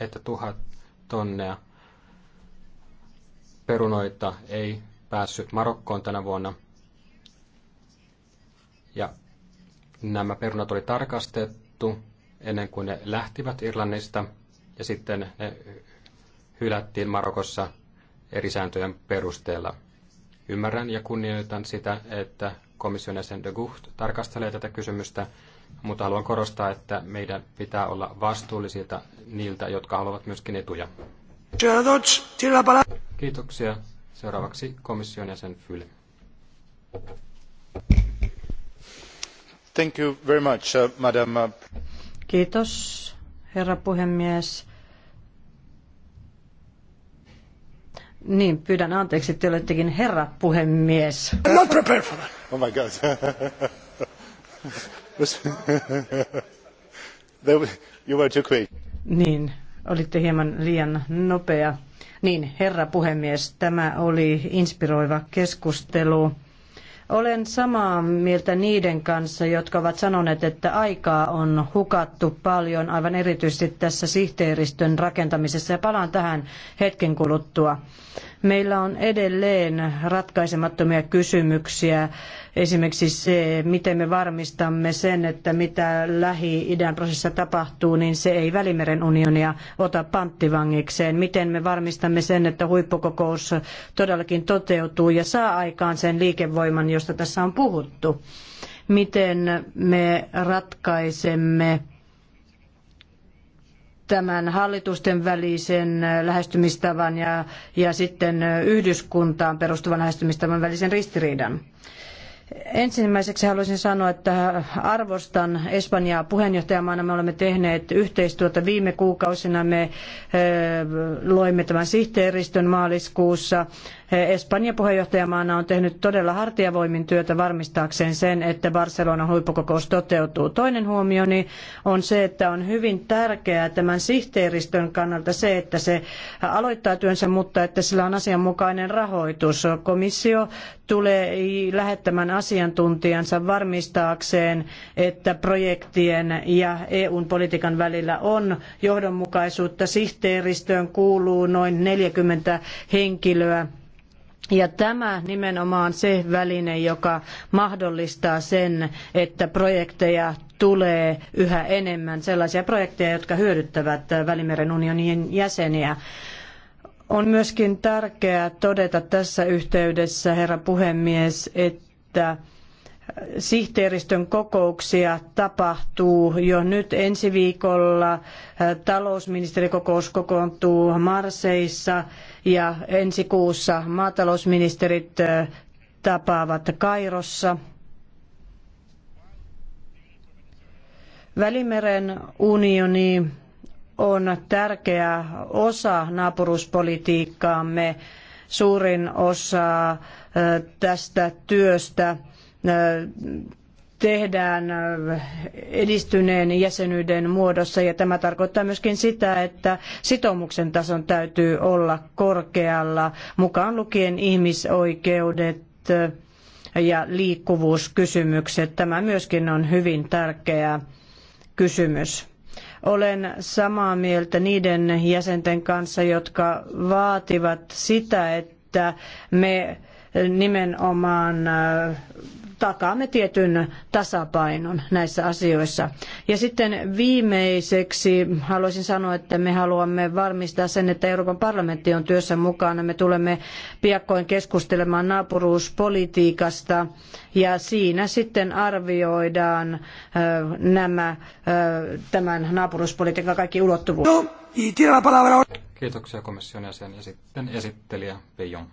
että tuhat tonnea perunoita ei päässyt Marokkoon tänä vuonna – ja nämä perunat oli tarkastettu ennen kuin ne lähtivät Irlannista ja sitten ne hylättiin Marokossa eri sääntöjen perusteella. Ymmärrän ja kunnioitan sitä, että komission jäsen de Gucht tarkastelee tätä kysymystä, mutta haluan korostaa, että meidän pitää olla vastuullisilta niiltä, jotka haluavat myöskin etuja. Kiitoksia. Seuraavaksi komission jäsen Fyle. Uh, uh, Kiitos, herra puhemies. Niin, pyydän anteeksi, te olettekin herra puhemies. I'm not prepared for that. Oh my god. you were too quick. Niin, olitte hieman liian nopea. Niin, herra puhemies, tämä oli inspiroiva keskustelu. Olen samaa mieltä niiden kanssa, jotka ovat sanoneet, että aikaa on hukattu paljon, aivan erityisesti tässä sihteeristön rakentamisessa, ja palaan tähän hetken kuluttua. Meillä on edelleen ratkaisemattomia kysymyksiä, esimerkiksi se, miten me varmistamme sen, että mitä Lähi-idän prosessissa tapahtuu, niin se ei Välimeren unionia ota panttivangikseen. Miten me varmistamme sen, että huippukokous todellakin toteutuu ja saa aikaan sen liikevoiman, josta tässä on puhuttu. Miten me ratkaisemme tämän hallitusten välisen lähestymistavan ja, ja sitten yhdyskuntaan perustuvan lähestymistavan välisen ristiriidan. Ensimmäiseksi haluaisin sanoa, että arvostan Espanjaa puheenjohtajamaana. Me olemme tehneet yhteistyötä viime kuukausina. Me eh, loimme tämän sihteeristön maaliskuussa. Eh, Espanja puheenjohtajamaana on tehnyt todella hartiavoimin työtä varmistaakseen sen, että Barcelonan huippukokous toteutuu. Toinen huomioni on se, että on hyvin tärkeää tämän sihteeristön kannalta se, että se aloittaa työnsä, mutta että sillä on asianmukainen rahoitus. Komissio tulee lähettämään asiantuntijansa varmistaakseen, että projektien ja EUn politiikan välillä on johdonmukaisuutta. Sihteeristöön kuuluu noin 40 henkilöä. Ja tämä nimenomaan se väline, joka mahdollistaa sen, että projekteja tulee yhä enemmän, sellaisia projekteja, jotka hyödyttävät Välimeren unionin jäseniä. On myöskin tärkeää todeta tässä yhteydessä, herra puhemies, että sihteeristön kokouksia tapahtuu jo nyt ensi viikolla. Talousministerikokous kokoontuu Marseissa ja ensi kuussa maatalousministerit tapaavat Kairossa. Välimeren unioni on tärkeä osa naapuruuspolitiikkaamme. Suurin osa tästä työstä tehdään edistyneen jäsenyyden muodossa ja tämä tarkoittaa myöskin sitä, että sitoumuksen tason täytyy olla korkealla, mukaan lukien ihmisoikeudet ja liikkuvuuskysymykset. Tämä myöskin on hyvin tärkeä kysymys. Olen samaa mieltä niiden jäsenten kanssa, jotka vaativat sitä, että me nimenomaan takaamme tietyn tasapainon näissä asioissa. Ja sitten viimeiseksi haluaisin sanoa, että me haluamme varmistaa sen, että Euroopan parlamentti on työssä mukana. Me tulemme piakkoin keskustelemaan naapuruuspolitiikasta ja siinä sitten arvioidaan nämä, tämän naapuruuspolitiikan kaikki ulottuvuudet. No, Kiitoksia komission jäsen ja sitten esittelijä Peijon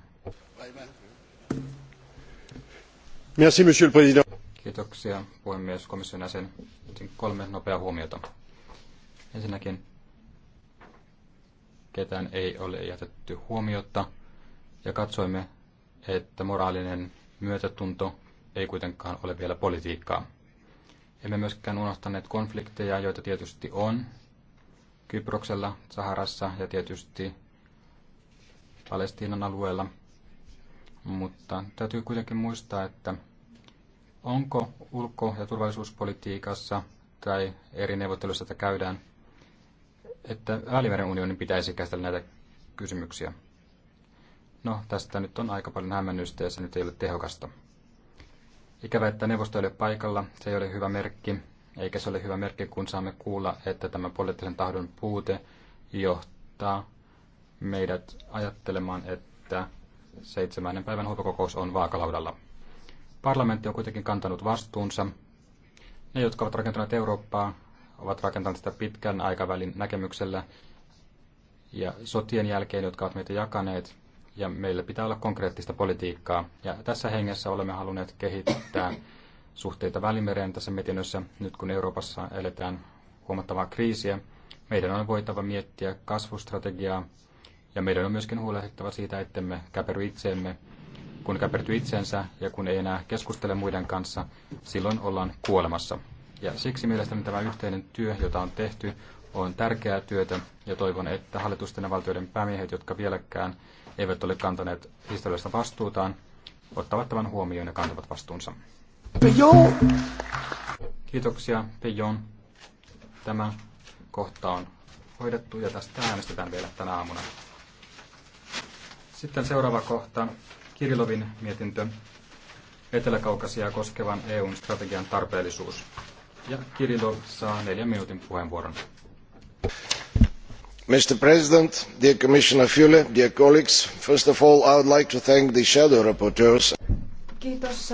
monsieur le président. Kiitoksia puhemies komission jäsen. Kolme nopeaa huomiota. Ensinnäkin ketään ei ole jätetty huomiota ja katsoimme, että moraalinen myötätunto ei kuitenkaan ole vielä politiikkaa. Emme myöskään unohtaneet konflikteja, joita tietysti on Kyproksella, Saharassa ja tietysti Palestiinan alueella – mutta täytyy kuitenkin muistaa, että onko ulko- ja turvallisuuspolitiikassa tai eri neuvotteluissa, että käydään, että Välimeren unionin pitäisi käsitellä näitä kysymyksiä. No, tästä nyt on aika paljon hämmennystä ja se nyt ei ole tehokasta. Ikävä, että neuvosto ei ole paikalla, se ei ole hyvä merkki, eikä se ole hyvä merkki, kun saamme kuulla, että tämä poliittisen tahdon puute johtaa meidät ajattelemaan, että seitsemännen päivän huippukokous on vaakalaudalla. Parlamentti on kuitenkin kantanut vastuunsa. Ne, jotka ovat rakentaneet Eurooppaa, ovat rakentaneet sitä pitkän aikavälin näkemyksellä ja sotien jälkeen, jotka ovat meitä jakaneet, ja meillä pitää olla konkreettista politiikkaa. Ja tässä hengessä olemme halunneet kehittää suhteita Välimereen tässä mietinnössä, nyt kun Euroopassa eletään huomattavaa kriisiä. Meidän on voitava miettiä kasvustrategiaa, ja meidän on myöskin huolehdittava siitä, ettemme käperry itseemme. Kun käperty itsensä ja kun ei enää keskustele muiden kanssa, silloin ollaan kuolemassa. Ja siksi mielestäni tämä yhteinen työ, jota on tehty, on tärkeää työtä ja toivon, että hallitusten ja valtioiden päämiehet, jotka vieläkään eivät ole kantaneet historiallista vastuutaan, ottavat tämän huomioon ja kantavat vastuunsa. Pejon! Kiitoksia, Pejon. Tämä kohta on hoidettu ja tästä äänestetään vielä tänä aamuna. Sitten seuraava kohta, Kirilovin mietintö, etelä kaukasiaa koskevan EUn strategian tarpeellisuus. Ja Kirilov saa neljän minuutin puheenvuoron. Mr. President, dear Commissioner Füle, dear colleagues, first of all I would like to thank the shadow rapporteurs. Kiitos